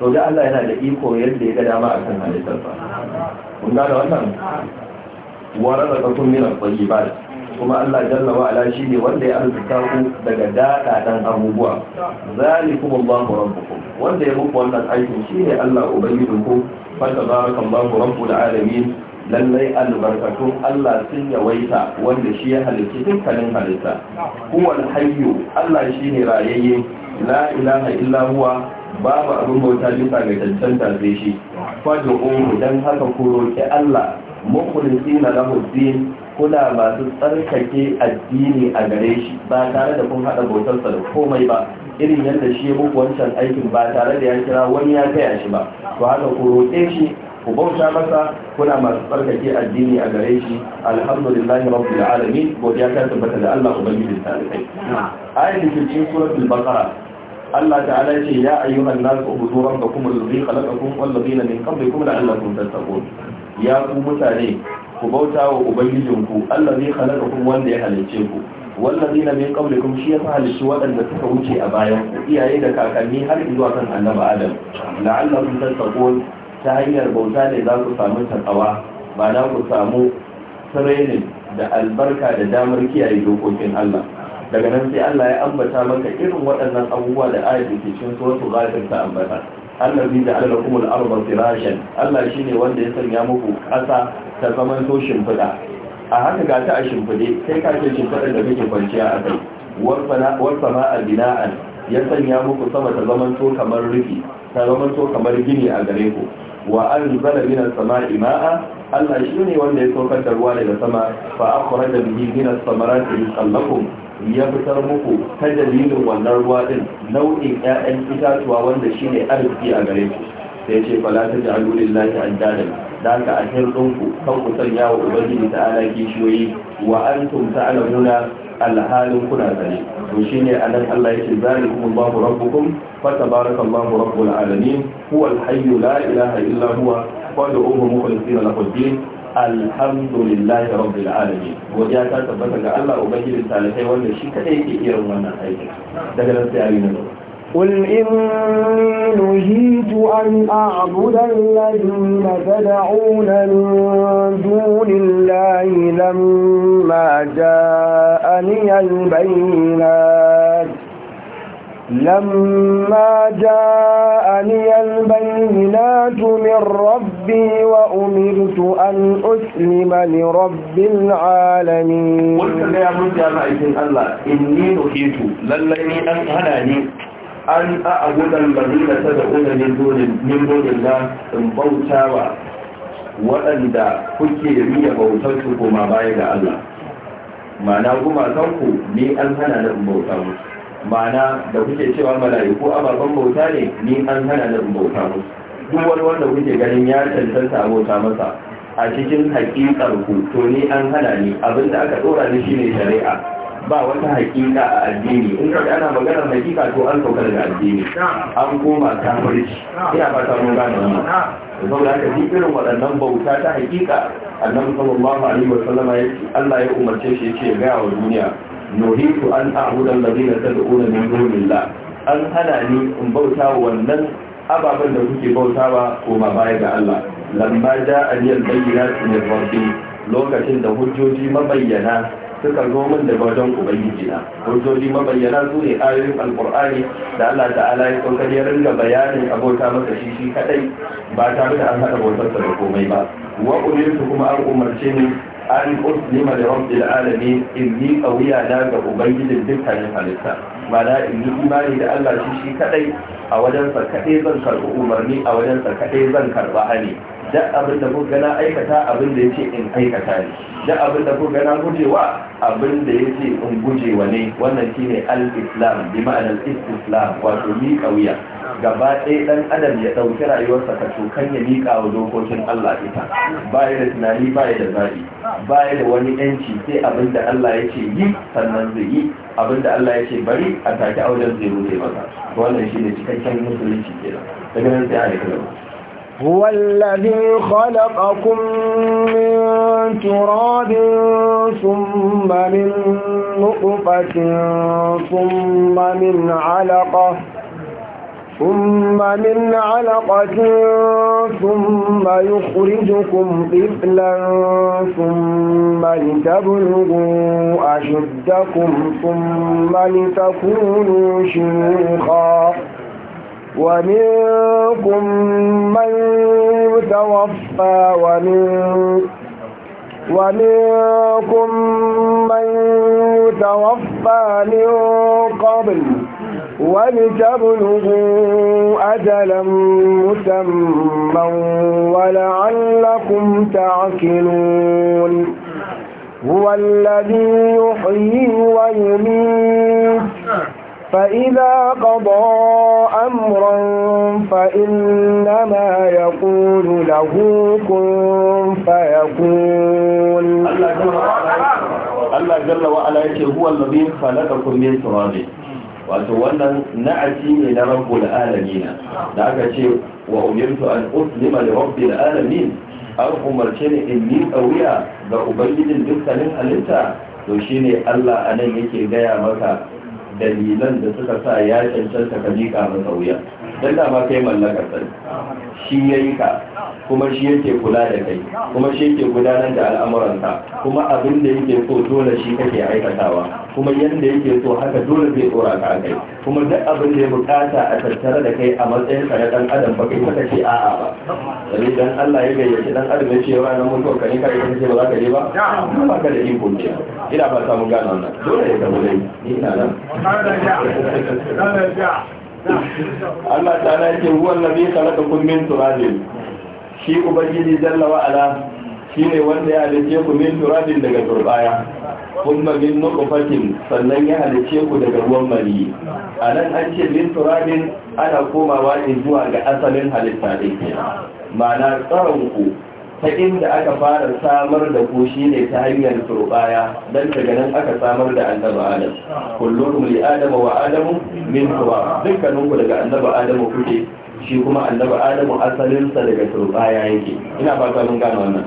[SPEAKER 1] to da Allah yana da iko yadda ya ga dama a kan halittarsa kun da wannan wa razaqakum min at-tayyibat kuma Allah jalla wa ala ne wanda ya arzuta ku daga dadadan abubuwa zalikum Allahu rabbukum wanda ya muku wannan aikin shine Allah ubangijinku fa tabarakallahu rabbul alamin lallai albarkatun Allah sun yawaita wanda shi ya halitta dukkanin halitta huwal hayyu Allah shine rayayye la ilaha illa huwa babu abin bauta bisa ga cancanta sai shi fadu umu dan haka ku roki Allah mukhlisina lahu din kuna masu tsarkake addini a gare shi ba tare da kun hada sa da komai ba irin yadda shi muku wancan aikin ba tare da ya kira wani ya taya shi ba to haka ku roƙe shi ku bauta masa kuna masu tsarkake addini a gare shi alhamdulillahi rabbil alamin godiya ta tabbata da Allah ubangiji ta alkai ayatul cikin suratul baqara Allah ta'ala ce ya ayyuhan nasu ubudu rabbakum allazi khalaqakum wal ladina min qablikum la'allakum tattaqun ya ku mutane ku bauta wa ubangijinku allazi khalaqakum wanda ya halice ku wal ladina min qablikum shi ya halice waɗanda suka wuce a bayan ku iyaye da kakanni har zuwa kan annabi adam la'allakum tattaqun ta hanyar bauta ne za ku samu takawa ba na ku samu training da albarka da damar kiyaye dokokin Allah daga nan sai Allah ya ambata maka irin waɗannan abubuwa da ayat da ke cikin suratul ghafir ta ambata Allah zai ja'ala lakum al-ardha firashan Allah shine wanda ya sanya muku ƙasa ta zaman to shimfiɗa a haka ga ta a shimfiɗe sai ka ce shimfiɗar da kake kwanciya a kai warfama a bina'an ya sanya muku sama ta zaman to kamar rufi ta zaman to kamar gini a gare ku wa anzala minas sama'i ma'a Allah shi ne wanda ya saukar da ruwa daga sama fa akhraja bihi minas samarati rizqan lakum ya fitar muku ta dalilin wannan ruwa din nau'in ƴaƴan itatuwa wanda shine arziki a gare ku sai ce fala ta ja'alu lillahi addadan da ka a hirdin ku kan ku sanya wa ubangiji ala kishiyoyi wa antum ta'lamuna alhalin kuna sani to shine nan Allah yake zalikum Allahu rabbukum fa tabarakallahu rabbul alamin huwa alhayyu la ilaha illa huwa fad'uhu mukhlisina lahu na din alhamdulillahi rabbil alamin godiya ta tabbata ga Allah ubangijin salihai wanda shi kadai ke iya wannan aikin daga nan sai ayi na gaba
[SPEAKER 2] قل إني نهيت أن أعبد الذين تدعون من دون الله لما جاءني البينات لما جاءني البينات من ربي وأمرت أن أسلم لرب العالمين قلت يا من جامعة
[SPEAKER 1] الله إني نحيت للني أنهناني أن أعبد الذين تدعون من دون من دون الله إن بوتاوا وأندى كتي مية بوتاوكما بايد الله معناه كما تنقوا لي أنهنا لهم بوتاوكما ma'ana da kuke cewa mala'iku ababen bauta ne ni an hana da bauta musu duk wani wanda kuke ganin ya tantanta bauta masa a cikin hakikar ku to ni an hana ni abinda aka dora ni shine shari'a ba wata hakika a addini in ka ana maganar hakika to an saukar da addini an koma ta kafirci ina ta mun gane wannan saboda haka duk irin waɗannan bauta ta hakika annabi sallallahu alaihi wa yake. Allah ya umarce shi ya ce ga wa duniya nuhitu an a'budu alladhina tad'una min dunillah an hana ni in bauta wannan ababen da kuke bautawa koma baya ga Allah lamma da al-bayyinatu min rabbi lokacin da hujjoji mabayyana suka zo min da wajen ubangiji na hujjoji mabayyana su ne ayoyin alkur'ani da Allah ta'ala ya kokar ya ringa bayanin abota masa shi shi kadai ba tare da an hada sa da komai ba wa su kuma an umarce ni an uslima da rabbil alamin in ni kawiya na ga ubangijin dukkanin halitta mana in imani da Allah shi shi kadai a wajen sa kadai zan karba umarni a wajen sa kadai zan karba hani duk abin da kuka na aikata abin da yake in aikata ne duk abin da kuka na gujewa abin da yake in gujewa ne wannan shine al-islam bi ma'anar al-islam wato mi kauya gaba ɗaya ɗan adam ya ɗauki rayuwarsa ka cokan ya miƙa wa dokokin Allah ita ba ya da tunani ba ya da zaɓi ba ya da wani yanci sai abin da Allah ya ce yi sannan zai yi abin da Allah ya ce bari a take auren zai rufe maka wannan shine cikakken musulunci kenan daga nan sai a yi
[SPEAKER 2] هو الذي خلقكم من تراب ثم من نطفة ثم من علقة ثم من علقة ثم يخرجكم طفلا ثم لتبلغوا أشدكم ثم لتكونوا شيوخا ومنكم من يتوفى ومنكم من يتوفى من قبل ولتبلغوا أجلا مسمى ولعلكم تعقلون هو الذي يحيي ويميت فإذا قضى أمرا فإنما يقول له كن فيكون
[SPEAKER 1] Allah jalla wa ala yake huwa allazi khalaqakum min turab wato wannan na'ati ne na rabbul alamin da aka ce wa umirtu an uslima li rabbil alamin an umarce ni in ni tsawiya ga ubangijin dukkanin halitta to shine Allah anan yake gaya maka dalilan da suka sa ya cancanta ka miƙa masa dan dama kai mallakar sai shi yayi ka kuma shi yake kula da kai kuma shi yake gudanar da al'amuranka kuma abin da yake so dole shi kake aikatawa kuma yanda yake so haka dole zai tsora ka kai kuma duk abin da ya bukata a tattare da kai a matsayin ka na dan adam ba kai maka ce a'a ba sai dan Allah ya gayyace dan adam ya ce wa nan mutu ka ne kai kace ba za ka je ba ba ka da iko ce ina ba samu gano nan dole ya zama dai ina nan Allah ta na yake huwan nabi kalaka kun min turabin shi ubangiji jalla wa'ala, ala ne wanda ya halice ku min turabin daga turbaya kuma min nutfatin sannan ya halice ku daga ruwan A nan an ce min turabin ana komawa ne zuwa ga asalin halitta din ma'ana tsaron ku ta inda aka fara samar da ku shi ne ta hanyar turbaya dan daga nan aka samar da annabi adam Kullum li adama wa adamu min turba dukkanin ku daga annabi adamu kuke shi kuma annabi adamu asalin sa daga turbaya yake ina ba ta mun gano wannan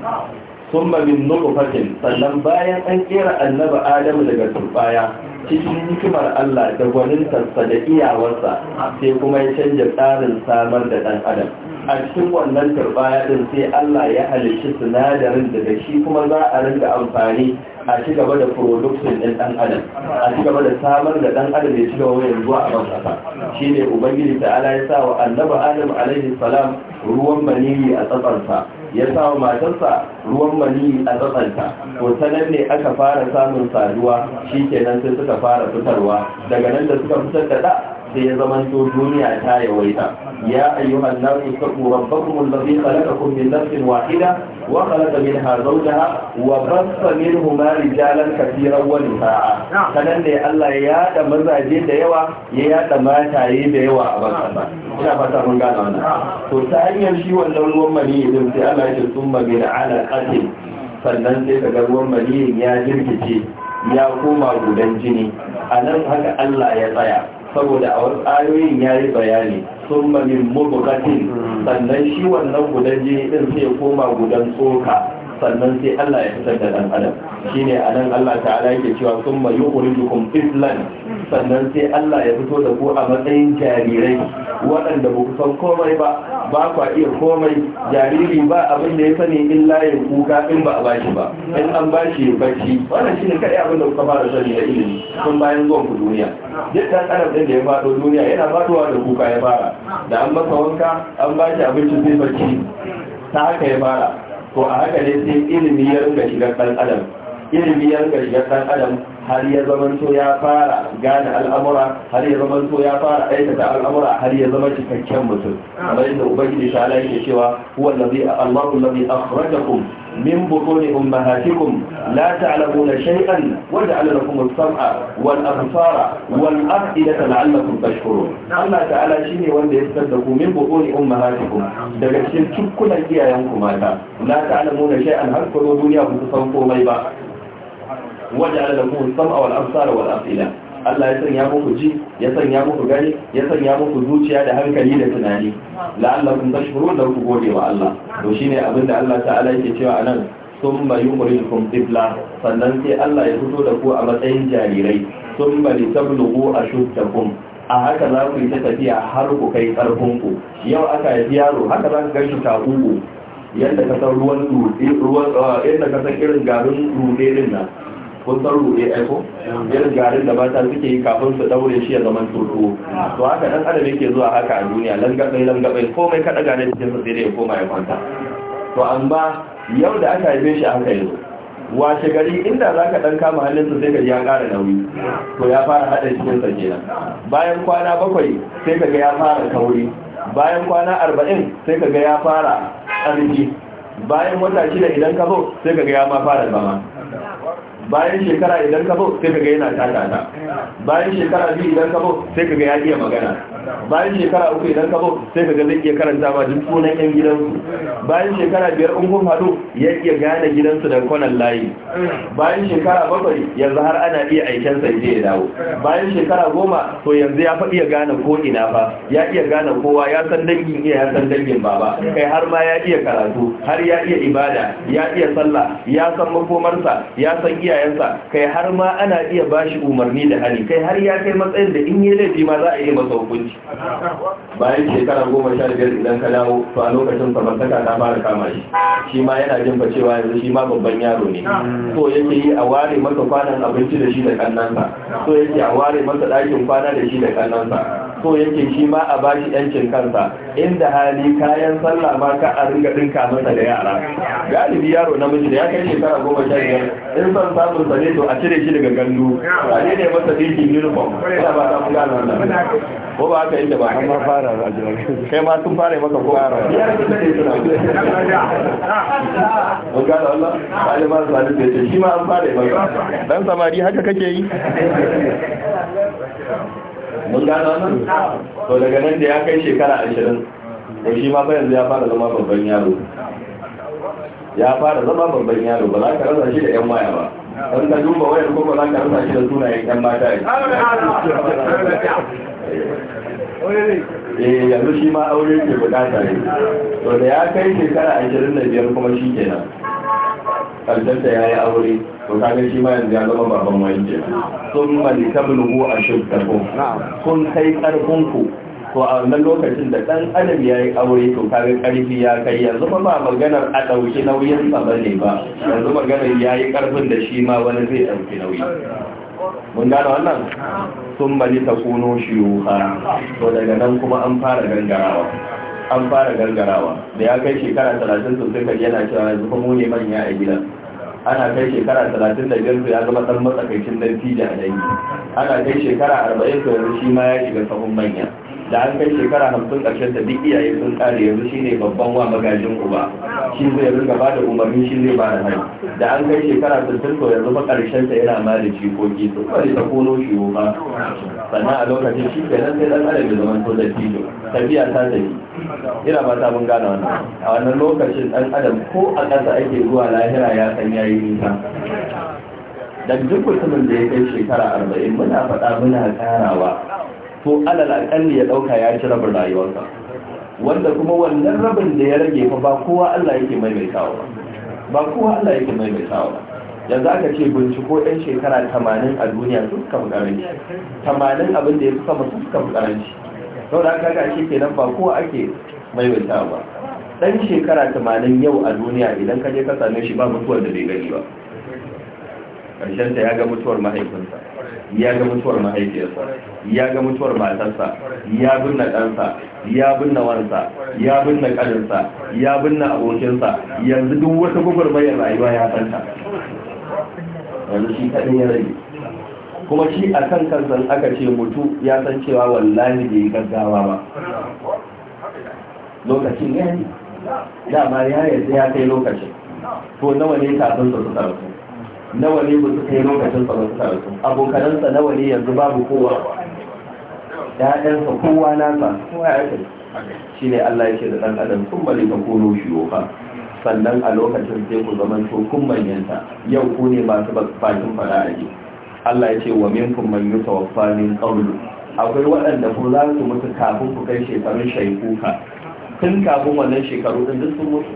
[SPEAKER 1] summa min nutfatin sannan bayan an kera annabi adamu daga turbaya cikin hikimar Allah da gwanintarsa da iyawarsa sai kuma ya canja tsarin samar da ɗan adam a cikin wannan turbaya ɗin sai Allah ya halishi sinadarin da da shi kuma za a rinka amfani a ci gaba da production ɗin ɗan adam a ci gaba da samar da ɗan adam ya ci gaba wayan zuwa a ƙasa shi ne ubangiji ta ala ya sa wa annaba adam alaihi salam ruwan maniyi a tsatsarsa ya sa wa matarsa ruwan mani a tsatsanta ko ta ne aka fara samun saduwa shi kenan sai suka fara fitarwa daga nan da suka fitar da da sai ya zamanto duniya ta yawaita ya ayyuhan nasu taqu rabbakum alladhi khalaqakum min nafsin wahida wa khalaqa minha zawjaha wa bassa minhuma rijalan kathiran wa nisaa sanan dai Allah ya yada mazaje da yawa ya yada mataye da yawa a bakan ina fata mun gane wannan to ta hanyar shi wannan ruwan mani din sai Allah ya tsumma min ala qatil sannan sai daga ruwan maniyin ya jirkice ya koma gudan jini a nan haka Allah ya tsaya saboda a wasu ayoyin ya yi bayani sun mamin mubukatin hmm. sannan shi wannan gudan jini din sai koma gudan tsoka sannan sai Allah ya fitar da dan adam shine nan Allah ta'ala yake cewa sun summa yukhrijukum iflan sannan sai Allah ya fito da ku a matsayin jarirai waɗanda ba ku san komai ba ba ku iya komai jariri ba abin da ya sani in ya kuka in ba a bashi ba in an bashi ya shi wannan shine kai abin da kuka fara sani da ilimi tun bayan zuwan ku duniya duk dan adam din da ya fado duniya yana fadowa da kuka ya fara da an masa wanka an bashi abinci sai barci ta haka ya fara to a haka ne sai ilimi ya rinka shigar ɗan adam ilimi ya rinka shigar ɗan adam har ya zamanto ya fara gane al'amura har ya zamanto ya fara aikata al'amura har ya zama cikakken mutum kamar yadda ubangiji ta yake cewa huwa allazi allahu allazi akhrajakum من بطون أمهاتكم لا تعلمون شيئا وجعل لكم السمع والأبصار والأفئدة لعلكم تشكرون الله تعالى شيني وان يستدقوا من بطون أمهاتكم دقشين كل كيا ينكم هذا لا تعلمون شيئا هل كنوا دنيا بتصنفوا ميبا وجعل لكم السمع والأبصار والأفئدة Allah ya sanya muku ji ya sanya muku gani ya sanya muku zuciya da hankali da tunani kun tashkuru da ku gode wa Allah to shine abin da Allah ta'ala yake cewa anan summa yumrikum tibla sannan sai Allah ya fito da ku a matsayin jarirai summa litablughu ashuddakum a haka za ku yi tafiya har ku kai ƙarfinku yau aka yi yaro haka za ku gan shi takuku yadda ka san ruwan ruwan eh, yadda ka san irin garin ruɗe din nan kun san rure aiko irin garin da mata suke yi kafin su daure shi ya zama turu to haka dan adam yake zuwa haka a duniya langabai gabai komai kada gane da cikin sa sai ya koma ya kwanta to amma yau da aka haife shi haka yanzu washe gari inda za ka dan kama hannunsa sai ka ya ƙara nauyi to ya fara haɗa ke kenan bayan kwana bakwai sai ka ga ya fara kauri bayan kwana arba'in sai ka ga ya fara ƙarfi bayan wata shida idan ka zo sai ka ga ya ma fara zama bayan shekara idan ka zo sai kaga yana tata ta bayan shekara biyu idan ka zo sai kaga ya iya magana bayan shekara uku idan ka zo sai ka ga zai iya karanta ma duk sunan yan gidansu bayan shekara biyar in kun hadu ya iya gane gidansu da kwanan layi bayan shekara bakwai yanzu har ana iya aiken sa ya dawo bayan shekara goma to yanzu ya faɗi ya gane ko ina fa ya iya gane kowa ya san dangin iya ya san dangin baba kai har ma ya iya karatu har ya iya ibada ya iya sallah ya san makomarsa ya san iyayensa kai har ma ana iya bashi umarni da hali kai har ya kai matsayin da in yi laifi ma za a yi masa hukunci bayan shekara goma sha biyar idan ka dawo to a lokacin samartaka ta fara kama shi shi ma yana jin cewa yanzu shi ma babban yaro ne so yake yi a ware masa kwanan abinci da shi da kannansa so yake a ware masa ɗakin kwana da shi da kannansa so yake shi ma a bashi yancin kansa inda hali kayan sallah ma ka a ringa dinka masa da yara galibi yaro namiji da ya kai shekara goma sha biyar in son samun sa ne to a cire shi daga gandu a ne masa dinkin uniform ina ba ta fi gano wannan ko ba ba haka inda ba amma fara ba kai ma sun fara maka ko fara mun ga Allah sai ma sai da ce shi ma an fara maka dan samari haka kake yi mun ga Allah to daga nan da ya kai shekara 20 to shi ma yanzu ya fara zama babban yaro ya fara zama babban yaro ba za ka rasa shi da yan waya ba don ka duba wayar kuma za ka rasa shi da sunayen yan mata eh yanzu shi ma aure ke bukata ne to da ya kai shekara 25 kuma shi kenan
[SPEAKER 3] karsanta ya yi
[SPEAKER 1] aure to kaga shi ma yanzu ya zama baban wani kenan sun malika bulhu a shubtakum kun kai karfin to a wannan lokacin da dan adam ya yi aure to kaga karfi ya kai yanzu ba ma maganar a dauki nauyin sa bane ba yanzu maganar ya yi karfin da shi ma wani zai dauki nauyi mun gano wannan sun mali ta kuno shiyuha to daga nan kuma an fara gangarawa an fara gangarawa da ya kai shekara talatin sosai kan yana cewa yanzu kuma mune ne manya a gida ana kai shekara talatin da biyar ya zama dan matsakaicin dan a dangi ana kai shekara arba'in to yanzu shi ma ya shiga sahun manya da an kai shekara hamsin ƙarshen da duk iyaye sun ƙare yanzu shi ne babban wa magajin uba shi zai rinka ba da umarni shi zai ba da hari da an kai shekara sittin to yanzu fa ƙarshen ta yana ma da jikoki sun kware ta kono shi ba sannan a lokacin shi ke nan sai ɗan adam ya zama to da tijo tafiya ta tafi ina ba ta mun gane wannan a wannan lokacin ɗan adam ko a ƙasa ake zuwa lahira ya san yayi nisa dan duk mutumin da ya kai shekara arba'in muna faɗa muna karawa to alal alƙalli ya ɗauka ya ci rabin rayuwarsa wanda kuma wannan rabin da ya rage fa ba kowa Allah yake maimaitawa ba ba kowa Allah yake maimaitawa ba yanzu aka ce binciko ɗan shekara tamanin a duniya su suka fi ƙaranci tamanin abin da ya fi sama su suka fi ƙaranci sau da aka ke kenan ba kowa ake maimaitawa ba ɗan shekara tamanin yau a duniya idan ka je ka same shi ba mutuwar da bai gani ba ƙarshen ta ya ga mutuwar mahaifinsa ya ga mutuwar mahaifiyarsa ya ga mutuwar matarsa ya binne ɗansa ya binne wansa ya binne ƙarinsa ya binne abokinsa yanzu duk wata gwagwarmayar rayuwa ya santa yanzu shi kaɗin ya rage kuma shi a kan kansa aka ce mutu ya san cewa wallahi bai gaggawa ba lokacin ya yi dama ya yarda ya kai lokacin to nawa ne kafin su su nawa ne ba su kai lokacin ba su karatu abokanansa nawa ne yanzu babu kowa ya'yansa kowa nasa kowa ya kai shi ne Allah ya ce da ɗan adam kun bari ka kono shi yoka sannan a lokacin sai ku zama to kun manyanta yau ku ne masu bakin fara a Allah ya ce wa kun man wa min qawlu akwai waɗanda ku za su mutu kafin ku kai shekarun shaikuka tun kafin wannan shekaru din duk sun mutu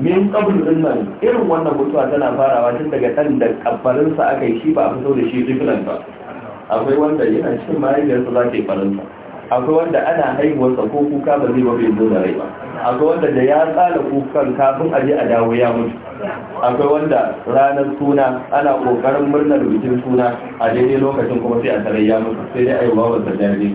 [SPEAKER 1] min qablu din nan irin wannan mutuwa tana farawa tun daga dan da kabbarin sa aka yi shi ba a fito da shi rifilan ba akwai wanda yana cikin mahaifiyar sa zake faransa akwai wanda ana haihuwar ko kuka ba zai ba bai zo da rai ba akwai wanda da ya tsala kukan kafin aje a dawo ya mutu akwai wanda ranar suna ana kokarin murnar bikin suna a daidai lokacin kuma sai a tarayya ya mutu sai dai ayyuwa wanda jari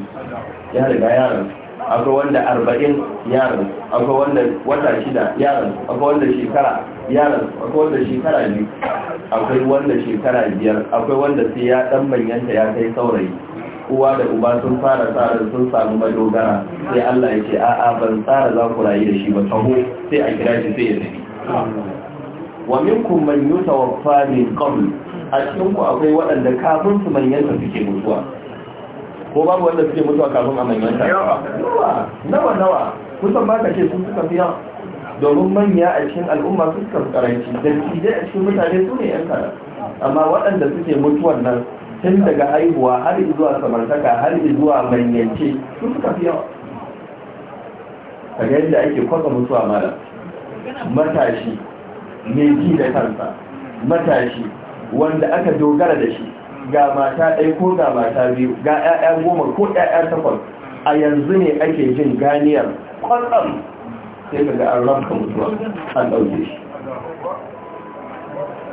[SPEAKER 1] ya riga yaran akwai wanda arba'in yaran akwai wanda wata shida yaran akwai wanda shekara yaran akwai wanda shekara biyu akwai wanda shekara biyar akwai wanda sai ya dan manyanta ya kai saurayi uwa da uba sun fara tsara sun samu madogara sai Allah ya ce a'a ban tsara za ku rayu da shi ba taho sai a kira shi sai ya tafi wa minkum man yutawaffa min qabl a cikin ku akwai waɗanda kafin su manyanta suke mutuwa ko babu wanda suke mutuwa kafin a ta nawa nawa kusan ba ka ce sun suka fiya domin manya a cikin al'umma sun suka karanci da cije a cikin mutane su ne yan kara amma waɗanda suke mutuwan nan tun daga haihuwa har zuwa samartaka har zuwa manyance su suka fiya yawa ga yadda ake kwasa mutuwa mara matashi mai ji da kansa matashi wanda aka dogara da shi ga mata ɗai ko ga mata biyu ga 'ya'ya goma ko 'ya'ya takwas a yanzu ne ake jin ganiyar kwanan sai ka ga an rafka mutuwa an ɗauke shi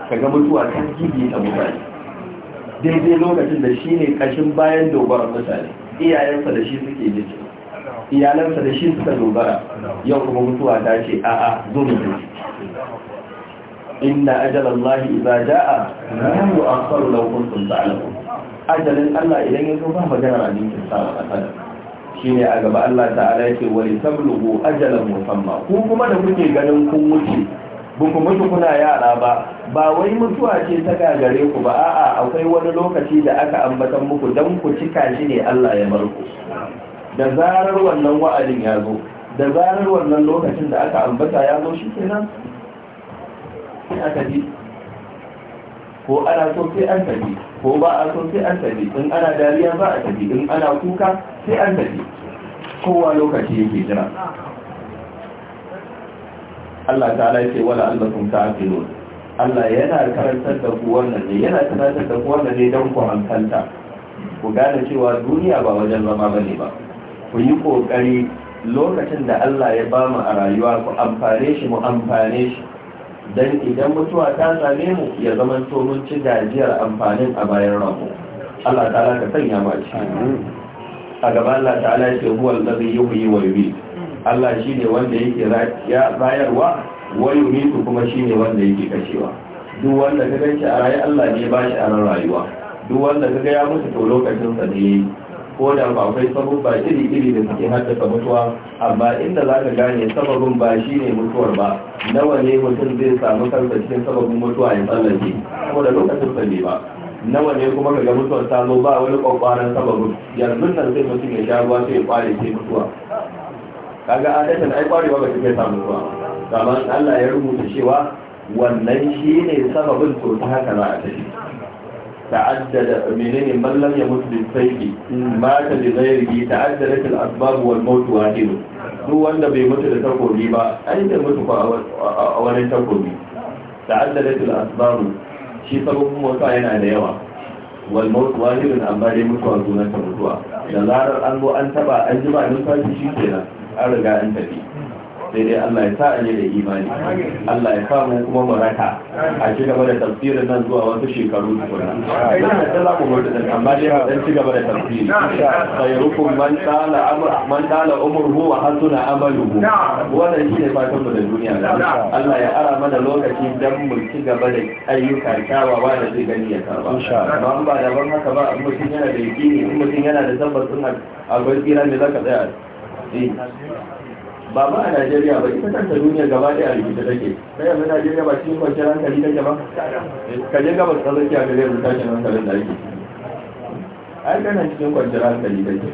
[SPEAKER 1] ka ga mutuwa ta gidi a mutane daidai lokacin da shi ne ƙashin bayan dogara mutane iyayensa da shi suke jiki iyalansa da shi suka dogara yau kuma mutuwa ta ce a'a zo mu inna ajalallahi iza jaa la yu'akhkharu law kuntum ta'lamun ajalin Allah idan ya zo ba magana a cikin sa a Shi ne a gaba Allah ta'ala yake wani litablugu ajalan musamman, ku kuma da kuke ganin kun wuce ba ku mutu kuna yara ba ba wai mutuwa ce ta gagare ku ba a'a akwai wani lokaci da aka ambatan muku dan ku cika shi ne Allah ya bar ku da zarar wannan wa'adin ya zo da zarar wannan lokacin da aka ambata ya zo shi kenan sai a ko ana so sai an tafi ko ba a so sai an tafi in ana dariya ba a tafi in ana kuka sai an tafi kowa lokaci yake jira Allah ta ala ce wala albakum ta'qilun Allah yana karantar da ku wannan ne yana karantar da ku wannan ne don ku hankalta ku gane cewa duniya ba wajen zama bane ba ku yi kokari lokacin da Allah ya bamu a rayuwa ku amfane shi mu amfane shi don idan mutuwa ta same mu ya zama mun ci gajiyar amfanin a bayan rabu Allah ta'ala ka sanya ma ci a gaba Allah ta'ala ya ce huwa allazi yuhyi wa yumiit Allah shine wanda yake ya bayarwa wa yumiitu kuma shine wanda yake kashewa duk wanda ka ganci a rayuwa, Allah ne ba shi a rayuwa duk wanda ka ga ya mutu to lokacin sa ne ko da ba sabon ba iri-iri da suke haddasa mutuwa amma inda za ka gane sababin ba shi ne mutuwar ba nawa ne mutum zai samu kansa cikin sababin mutuwa ya tsallake saboda lokacin sa ba nawa ne kuma ka ga mutuwar ta zo ba wani kwakwaran sababin yanzu nan sai mutum ya sha ruwa sai ya kware sai mutuwa kaga adadin ai kwarewa ba ta samu ba kamar Allah ya rubuta cewa wannan shi ne sababin to ta haka za a tafi ta'addada menene mallam ya mutu bin saiki mata da zairi ta'addada fil asbab wal maut duk wanda bai mutu da takobi ba ai bai mutu ko a wani takobi ta'addada fil asbab shi sababin mutuwa yana da yawa wal maut amma dai mutuwa sunan ta mutuwa da zarar an an taɓa an ji shi kenan an riga an tafi sai dai Allah ya sa an yi da imani Allah ya samu kuma baraka a ci gaba da tafsirin nan zuwa wasu shekaru tukuna yana ta za ku mutu da amma dai dan ci gaba da tafsiri sai rukun man tala amr man tala umruhu wa hasuna amaluhu wannan shine fatan mu da duniya Allah ya ara mana lokaci dan mu ci gaba da ayyuka kyawawa da zai gani ya karba amma ba da ban haka ba mutum yana da yakini in mutum yana da tabbacin akwai tsira ne zaka tsaya eh. ba ma a najeriya ba ita kanta duniya gaba da a rikita take sai yanzu najeriya ba cikin kwanciyar hankali take ba ka je gabas ta zaki a gare mu tashin hankalin da ake ai kana cikin kwanciyar hankali take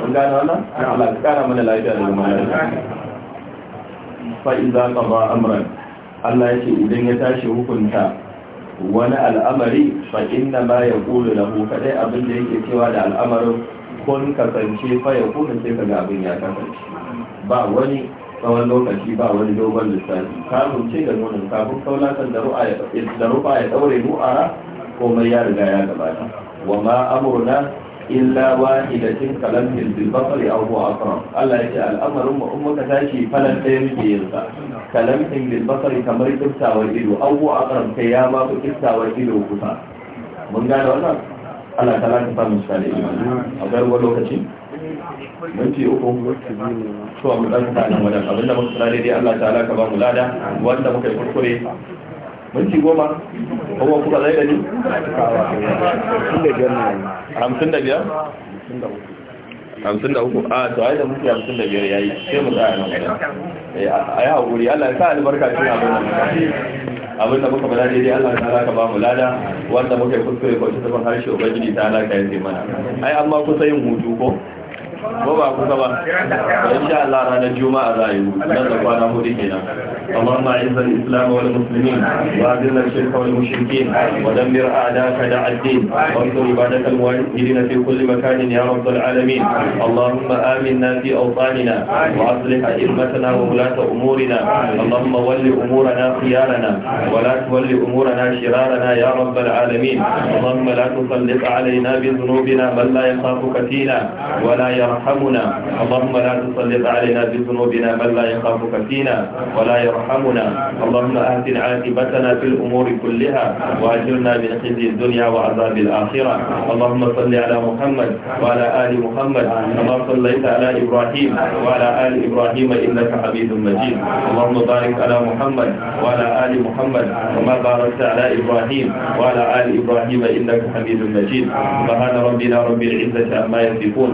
[SPEAKER 1] kun gane wannan Allah ka kara mana lafiya da zama fa idza qada amran Allah yake idan ya tashi hukunta wani al'amari fa inna ma na ku. kadai abin da yake cewa da al'amarin kun kasance fa yaqulu sai kaga abin ya kasance ba wani tsawon lokaci ba wani dogon lissafi Kamun ce da nunin kafin kaulatan da rufa ya daure ru'ara komai ya riga ya gabata wa ma amurna illa wahidatin kalamhin bil basari aw huwa aqrab Allah yace al'amarin mu umma tashi falan ɗaya muke yin sa kalamhin bil basari kamar kiftawar ido aw huwa aqrab kai ya ma kiftawar ido kusa mun gane wannan Allah ta lantsa mu shi da imani a garwa lokaci
[SPEAKER 3] minti uku
[SPEAKER 1] to mu dan ta nan wadan abinda muka tsara dai Allah ta'ala ka ba mu lada wanda muka yi kurkure minti goma kuma kuka zai gani
[SPEAKER 3] hamsin da biyar
[SPEAKER 1] hamsin da uku a to ai da muke hamsin da biyar ya yi, sai mu tsaya nan wadan eh, a yi haƙuri Allah ya sa albarka cikin abin da muka abin da muka bada daidai Allah ta ka ba mu lada wanda muka yi kuskure kwanci tafin harshe ubangiji ta alaka ya ce mana ai amma kusa yin hutu ko ba kusa ba da insha Allah ranar juma'a za a yi nan da kwana hudu kenan amma ma izan islam wal muslimi wa dinna shirka wal mushriki wa a'daka da addin wa sun ibadaka al muwahhidina fi kulli makanin ya rabbal alamin allahumma aminna fi awtanina wa aslih a'immatana wa ulata umurina allahumma walli umurana khiyarana wa la tuwalli umurana shirarana ya rabbal alamin allahumma la tusallit alayna bi dhunubina man la yakhafuka fina wa la yarhamuna يرحمنا اللهم لا تسلط علينا بذنوبنا من لا يخافك فينا ولا يرحمنا اللهم اهدنا عاقبتنا في الأمور كلها وأجرنا من خزي الدنيا وعذاب الآخرة اللهم صل على محمد وعلى آل محمد كما صليت على إبراهيم وعلى آل إبراهيم إنك حميد مجيد اللهم بارك على محمد وعلى آل محمد كما باركت على إبراهيم وعلى آل إبراهيم إنك حميد مجيد سبحان ربنا رب العزة عما يصفون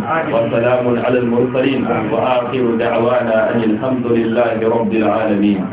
[SPEAKER 1] وسلام على المرسلين وآخر دعوانا أن الحمد لله رب العالمين